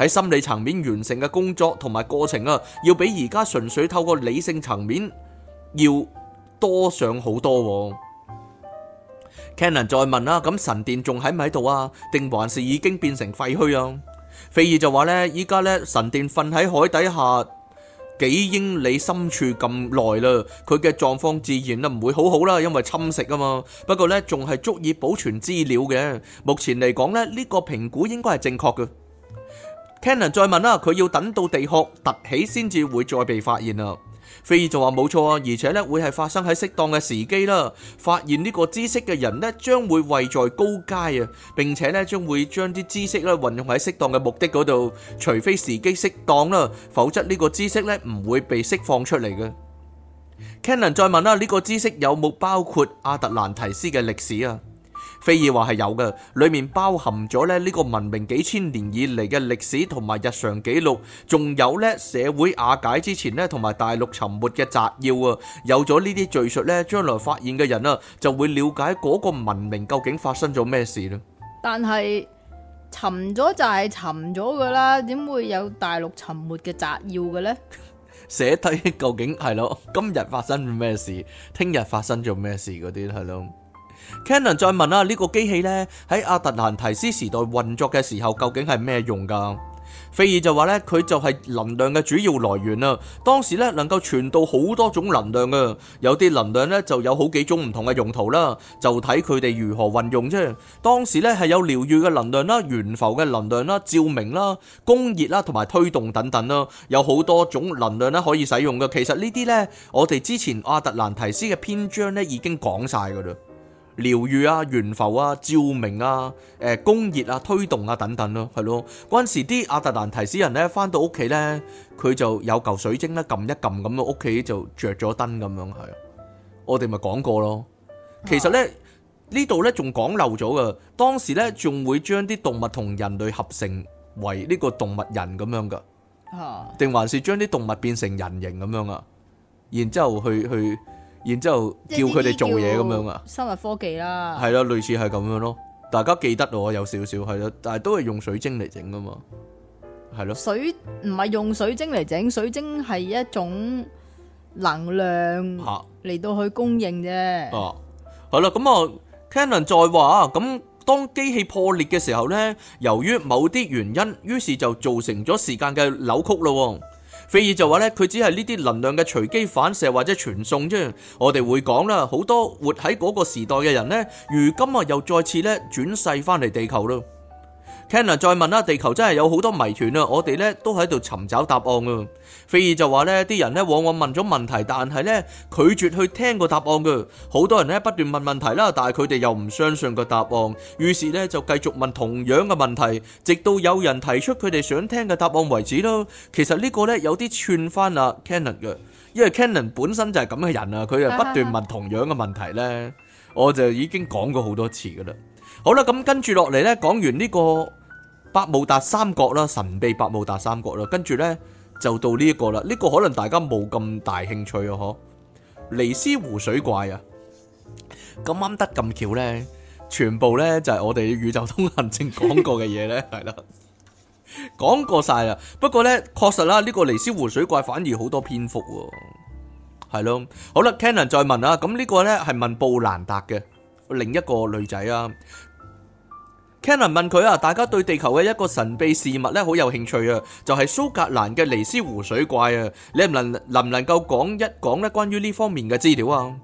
喺心理層面完成嘅工作同埋過程啊，要比而家純粹透過理性層面要多上好多。Cannon 再問啦，咁神殿仲喺唔喺度啊？定還是已經變成廢墟啊？菲爾就話呢，依家呢，神殿瞓喺海底下幾英里深處咁耐啦，佢嘅狀況自然啦唔會好好啦，因為侵蝕啊嘛。不過呢，仲係足以保存資料嘅。目前嚟講呢，呢個評估應該係正確嘅。Cannon 再問啦，佢要等到地殼凸起先至會再被發現啊！菲爾就話冇錯啊，而且咧會係發生喺適當嘅時機啦。發現呢個知識嘅人呢，將會位在高階啊，並且呢將會將啲知識呢運用喺適當嘅目的嗰度。除非時機適當啦，否則呢個知識呢唔會被釋放出嚟嘅。Cannon 再問啦，呢、呢個知識有冇包括阿特蘭提斯嘅歷史啊？非也話係有嘅，裏面包含咗咧呢個文明幾千年以嚟嘅歷史同埋日常記錄，仲有咧社會瓦解之前咧同埋大陸沉沒嘅摘要啊！有咗呢啲敘述咧，將來發現嘅人啊就會了解嗰個文明究竟發生咗咩事啦。但係沉咗就係沉咗噶啦，點會有大陸沉沒嘅摘要嘅咧？寫低究竟係咯？今日發生咗咩事？聽日發生咗咩事？嗰啲係咯。Canon 再問啦，呢、這個機器呢，喺阿特蘭提斯時代運作嘅時候，究竟係咩用㗎？菲爾就話呢，佢就係能量嘅主要來源啦。當時呢，能夠傳導好多種能量㗎。有啲能量呢，就有好幾種唔同嘅用途啦，就睇佢哋如何運用啫。當時呢，係有療愈嘅能量啦、懸浮嘅能量啦、照明啦、供熱啦同埋推動等等啦，有好多種能量呢可以使用嘅。其實呢啲呢，我哋之前阿特蘭提斯嘅篇章呢已經講晒㗎啦。療愈啊、懸浮啊、照明啊、誒、呃、工業啊、推動啊等等咯，係咯。嗰陣時啲亞特蘭提斯人咧翻到屋企咧，佢就有嚿水晶咧撳一撳咁，屋企就着咗燈咁樣係。我哋咪講過咯。啊、其實咧呢度咧仲講漏咗㗎。當時咧仲會將啲動物同人類合成為呢個動物人咁樣㗎，定、啊、還是將啲動物變成人形咁樣啊？然之後去去。然之後叫佢哋做嘢咁樣啊！生物科技啦，係咯，類似係咁樣咯。大家記得我有少少係咯，但係都係用水晶嚟整㗎嘛，係咯。水唔係用水晶嚟整，水晶係一種能量嚟到去供應啫。哦，係啦，咁啊，Canon 再話咁，當機器破裂嘅時候咧，由於某啲原因，於是就造成咗時間嘅扭曲咯。菲爾就話，呢佢只係呢啲能量嘅隨機反射或者傳送啫。我哋會講啦，好多活喺嗰個時代嘅人呢，如今啊又再次呢轉世返嚟地球咯。Cannon 再問啦，地球真係有好多謎團啊！我哋咧都喺度尋找答案噶。菲爾就話咧，啲人咧往往問咗問題，但係咧拒絕去聽個答案噶。好多人咧不斷問問題啦，但係佢哋又唔相信個答案，於是咧就繼續問同樣嘅問題，直到有人提出佢哋想聽嘅答案為止咯。其實呢個咧有啲串翻啊，Cannon 嘅，因為 Cannon 本身就係咁嘅人啊，佢又不斷問同樣嘅問題咧， 我就已經講過好多次噶啦。好啦，咁跟住落嚟咧，講完呢、這個百慕達三角啦，神秘百慕達三角啦，跟住咧就到呢一個啦，呢、這個可能大家冇咁大興趣啊，嗬？尼斯湖水怪啊，咁啱得咁巧咧，全部咧就係、是、我哋宇宙通行證講過嘅嘢咧，係啦， 講過晒啦。不過咧，確實啦，呢、這個尼斯湖水怪反而好多篇幅、啊，係咯。好啦，Canon 再問啊，咁呢個咧係問布蘭達嘅另一個女仔啊。Ken 問佢啊，大家對地球嘅一個神秘事物咧，好有興趣啊，就係、是、蘇格蘭嘅尼斯湖水怪啊，你唔能能唔能夠講一講咧，關於呢方面嘅資料啊？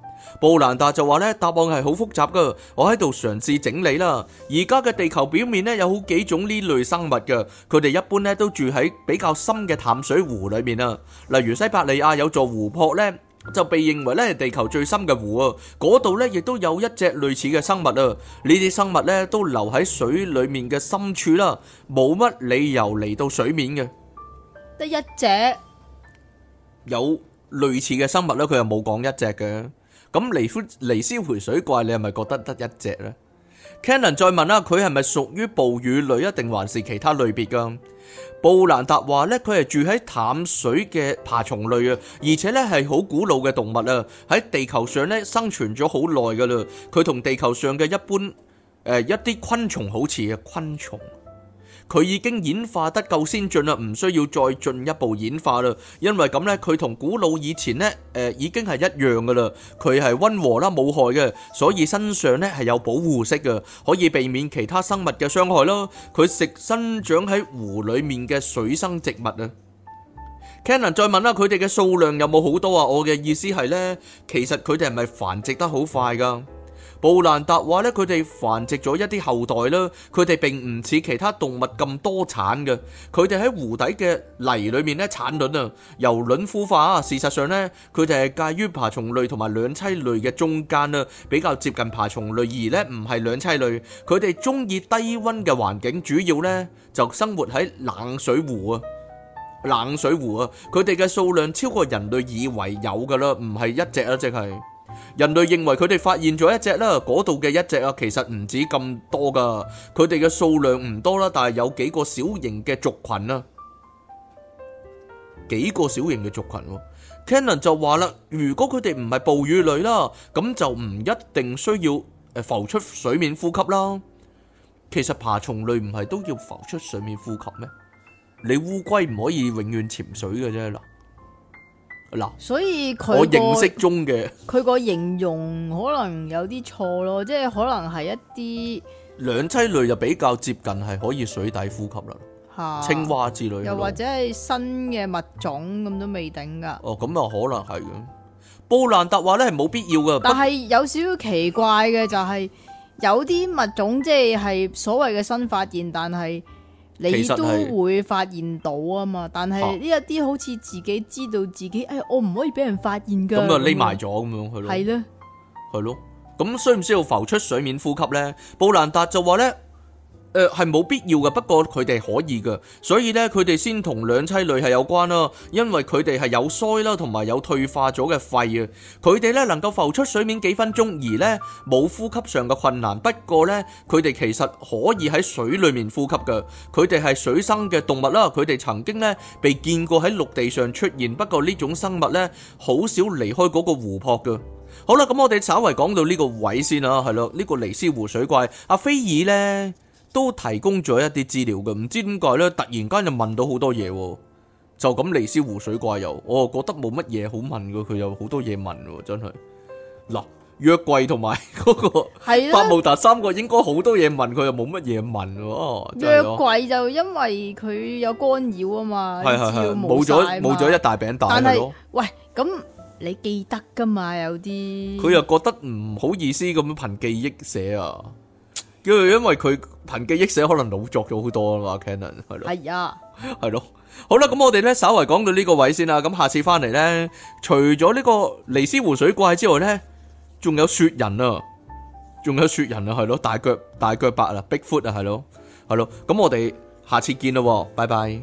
布蘭達就話咧，答案係好複雜噶，我喺度嘗試整理啦。而家嘅地球表面咧，有好幾種呢類生物噶，佢哋一般咧都住喺比較深嘅淡水湖裡面啊。例如西伯利亞有座湖泊咧。就被認為咧係地球最深嘅湖啊，嗰度咧亦都有一隻類似嘅生物啊。呢啲生物咧都留喺水裡面嘅深處啦，冇乜理由嚟到水面嘅。得一隻？有類似嘅生物咧，佢又冇講一隻嘅。咁尼夫尼斯湖水怪，你係咪覺得得一隻咧？Cannon 再問啦，佢係咪屬於哺乳類，一定還是其他類別噶？布蘭達話咧，佢係住喺淡水嘅爬蟲類啊，而且咧係好古老嘅動物啊，喺地球上咧生存咗好耐噶啦，佢同地球上嘅一般誒、呃、一啲昆蟲好似啊，昆蟲。佢已經演化得夠先進啦，唔需要再進一步演化啦。因為咁呢，佢同古老以前呢，誒已經係一樣噶啦。佢係溫和啦，冇害嘅，所以身上呢係有保護色嘅，可以避免其他生物嘅傷害咯。佢食生長喺湖裡面嘅水生植物啊。Cannon，再問啦，佢哋嘅數量有冇好多啊？我嘅意思係呢，其實佢哋係咪繁殖得好快㗎？布蘭達話咧，佢哋繁殖咗一啲後代啦。佢哋並唔似其他動物咁多產嘅。佢哋喺湖底嘅泥裏面咧產卵啊，由卵孵化。事實上咧，佢哋係介於爬蟲類同埋兩棲類嘅中間啊，比較接近爬蟲類，而咧唔係兩棲類。佢哋中意低温嘅環境，主要咧就生活喺冷水湖啊，冷水湖啊。佢哋嘅數量超過人類以為有噶啦，唔係一隻啊，即係。人類認為佢哋發現咗一隻啦，嗰度嘅一隻啊，其實唔止咁多噶，佢哋嘅數量唔多啦，但係有幾個小型嘅族群啊，幾個小型嘅族群。Cannon 就話啦，如果佢哋唔係哺乳類啦，咁就唔一定需要誒浮出水面呼吸啦。其實爬蟲類唔係都要浮出水面呼吸咩？你烏龜唔可以永遠潛水嘅啫啦。嗱，所以佢、那個、我認識中嘅佢個形容可能有啲錯咯，即、就、係、是、可能係一啲兩棲類就比較接近，係可以水底呼吸啦，啊、青蛙之類的，又或者係新嘅物種咁都未定噶。哦，咁啊，可能係嘅。布蘭特話咧係冇必要噶，但係有少少奇怪嘅就係、是、有啲物種即係係所謂嘅新發現，但係。你都會發現到啊嘛，但係呢一啲好似自己知道自己，哎，我唔可以俾人發現噶，咁就匿埋咗咁樣去咯，係咯，係咯，咁需唔需要浮出水面呼吸咧？布蘭達就話咧。誒，係冇、呃、必要嘅。不過佢哋可以嘅，所以呢，佢哋先同兩棲類係有關啦。因為佢哋係有鰓啦，同埋有退化咗嘅肺啊。佢哋呢能夠浮出水面幾分鐘，而呢冇呼吸上嘅困難。不過呢，佢哋其實可以喺水裏面呼吸嘅。佢哋係水生嘅動物啦。佢哋曾經呢被見過喺陸地上出現，不過呢種生物呢好少離開嗰個湖泊嘅。好啦，咁我哋稍微講到呢個位先啦，係咯，呢個尼斯湖水怪阿菲爾呢，都提供咗一啲資料嘅，唔知點解咧，突然間就問到好多嘢，就咁尼斯湖水怪又，我又覺得冇乜嘢好問嘅，佢有好多嘢問，真係嗱，約櫃同埋嗰個係啊，百慕達三角應該好多嘢問，佢又冇乜嘢問，約櫃就因為佢有干擾啊嘛，冇咗冇咗一大餅蛋。喂，咁你記得噶嘛？有啲佢又覺得唔好意思咁憑記憶寫啊。因為佢憑記憶寫，可能老作咗好多啊嘛，Canon 係咯，係啊，係咯，好啦，咁我哋咧稍為講到呢個位先啦，咁下次翻嚟咧，除咗呢個尼斯湖水怪之外咧，仲有雪人啊，仲有雪人啊，係咯，大腳大腳白啊，bigfoot 啊，係咯，係咯，咁我哋下次見咯，拜拜。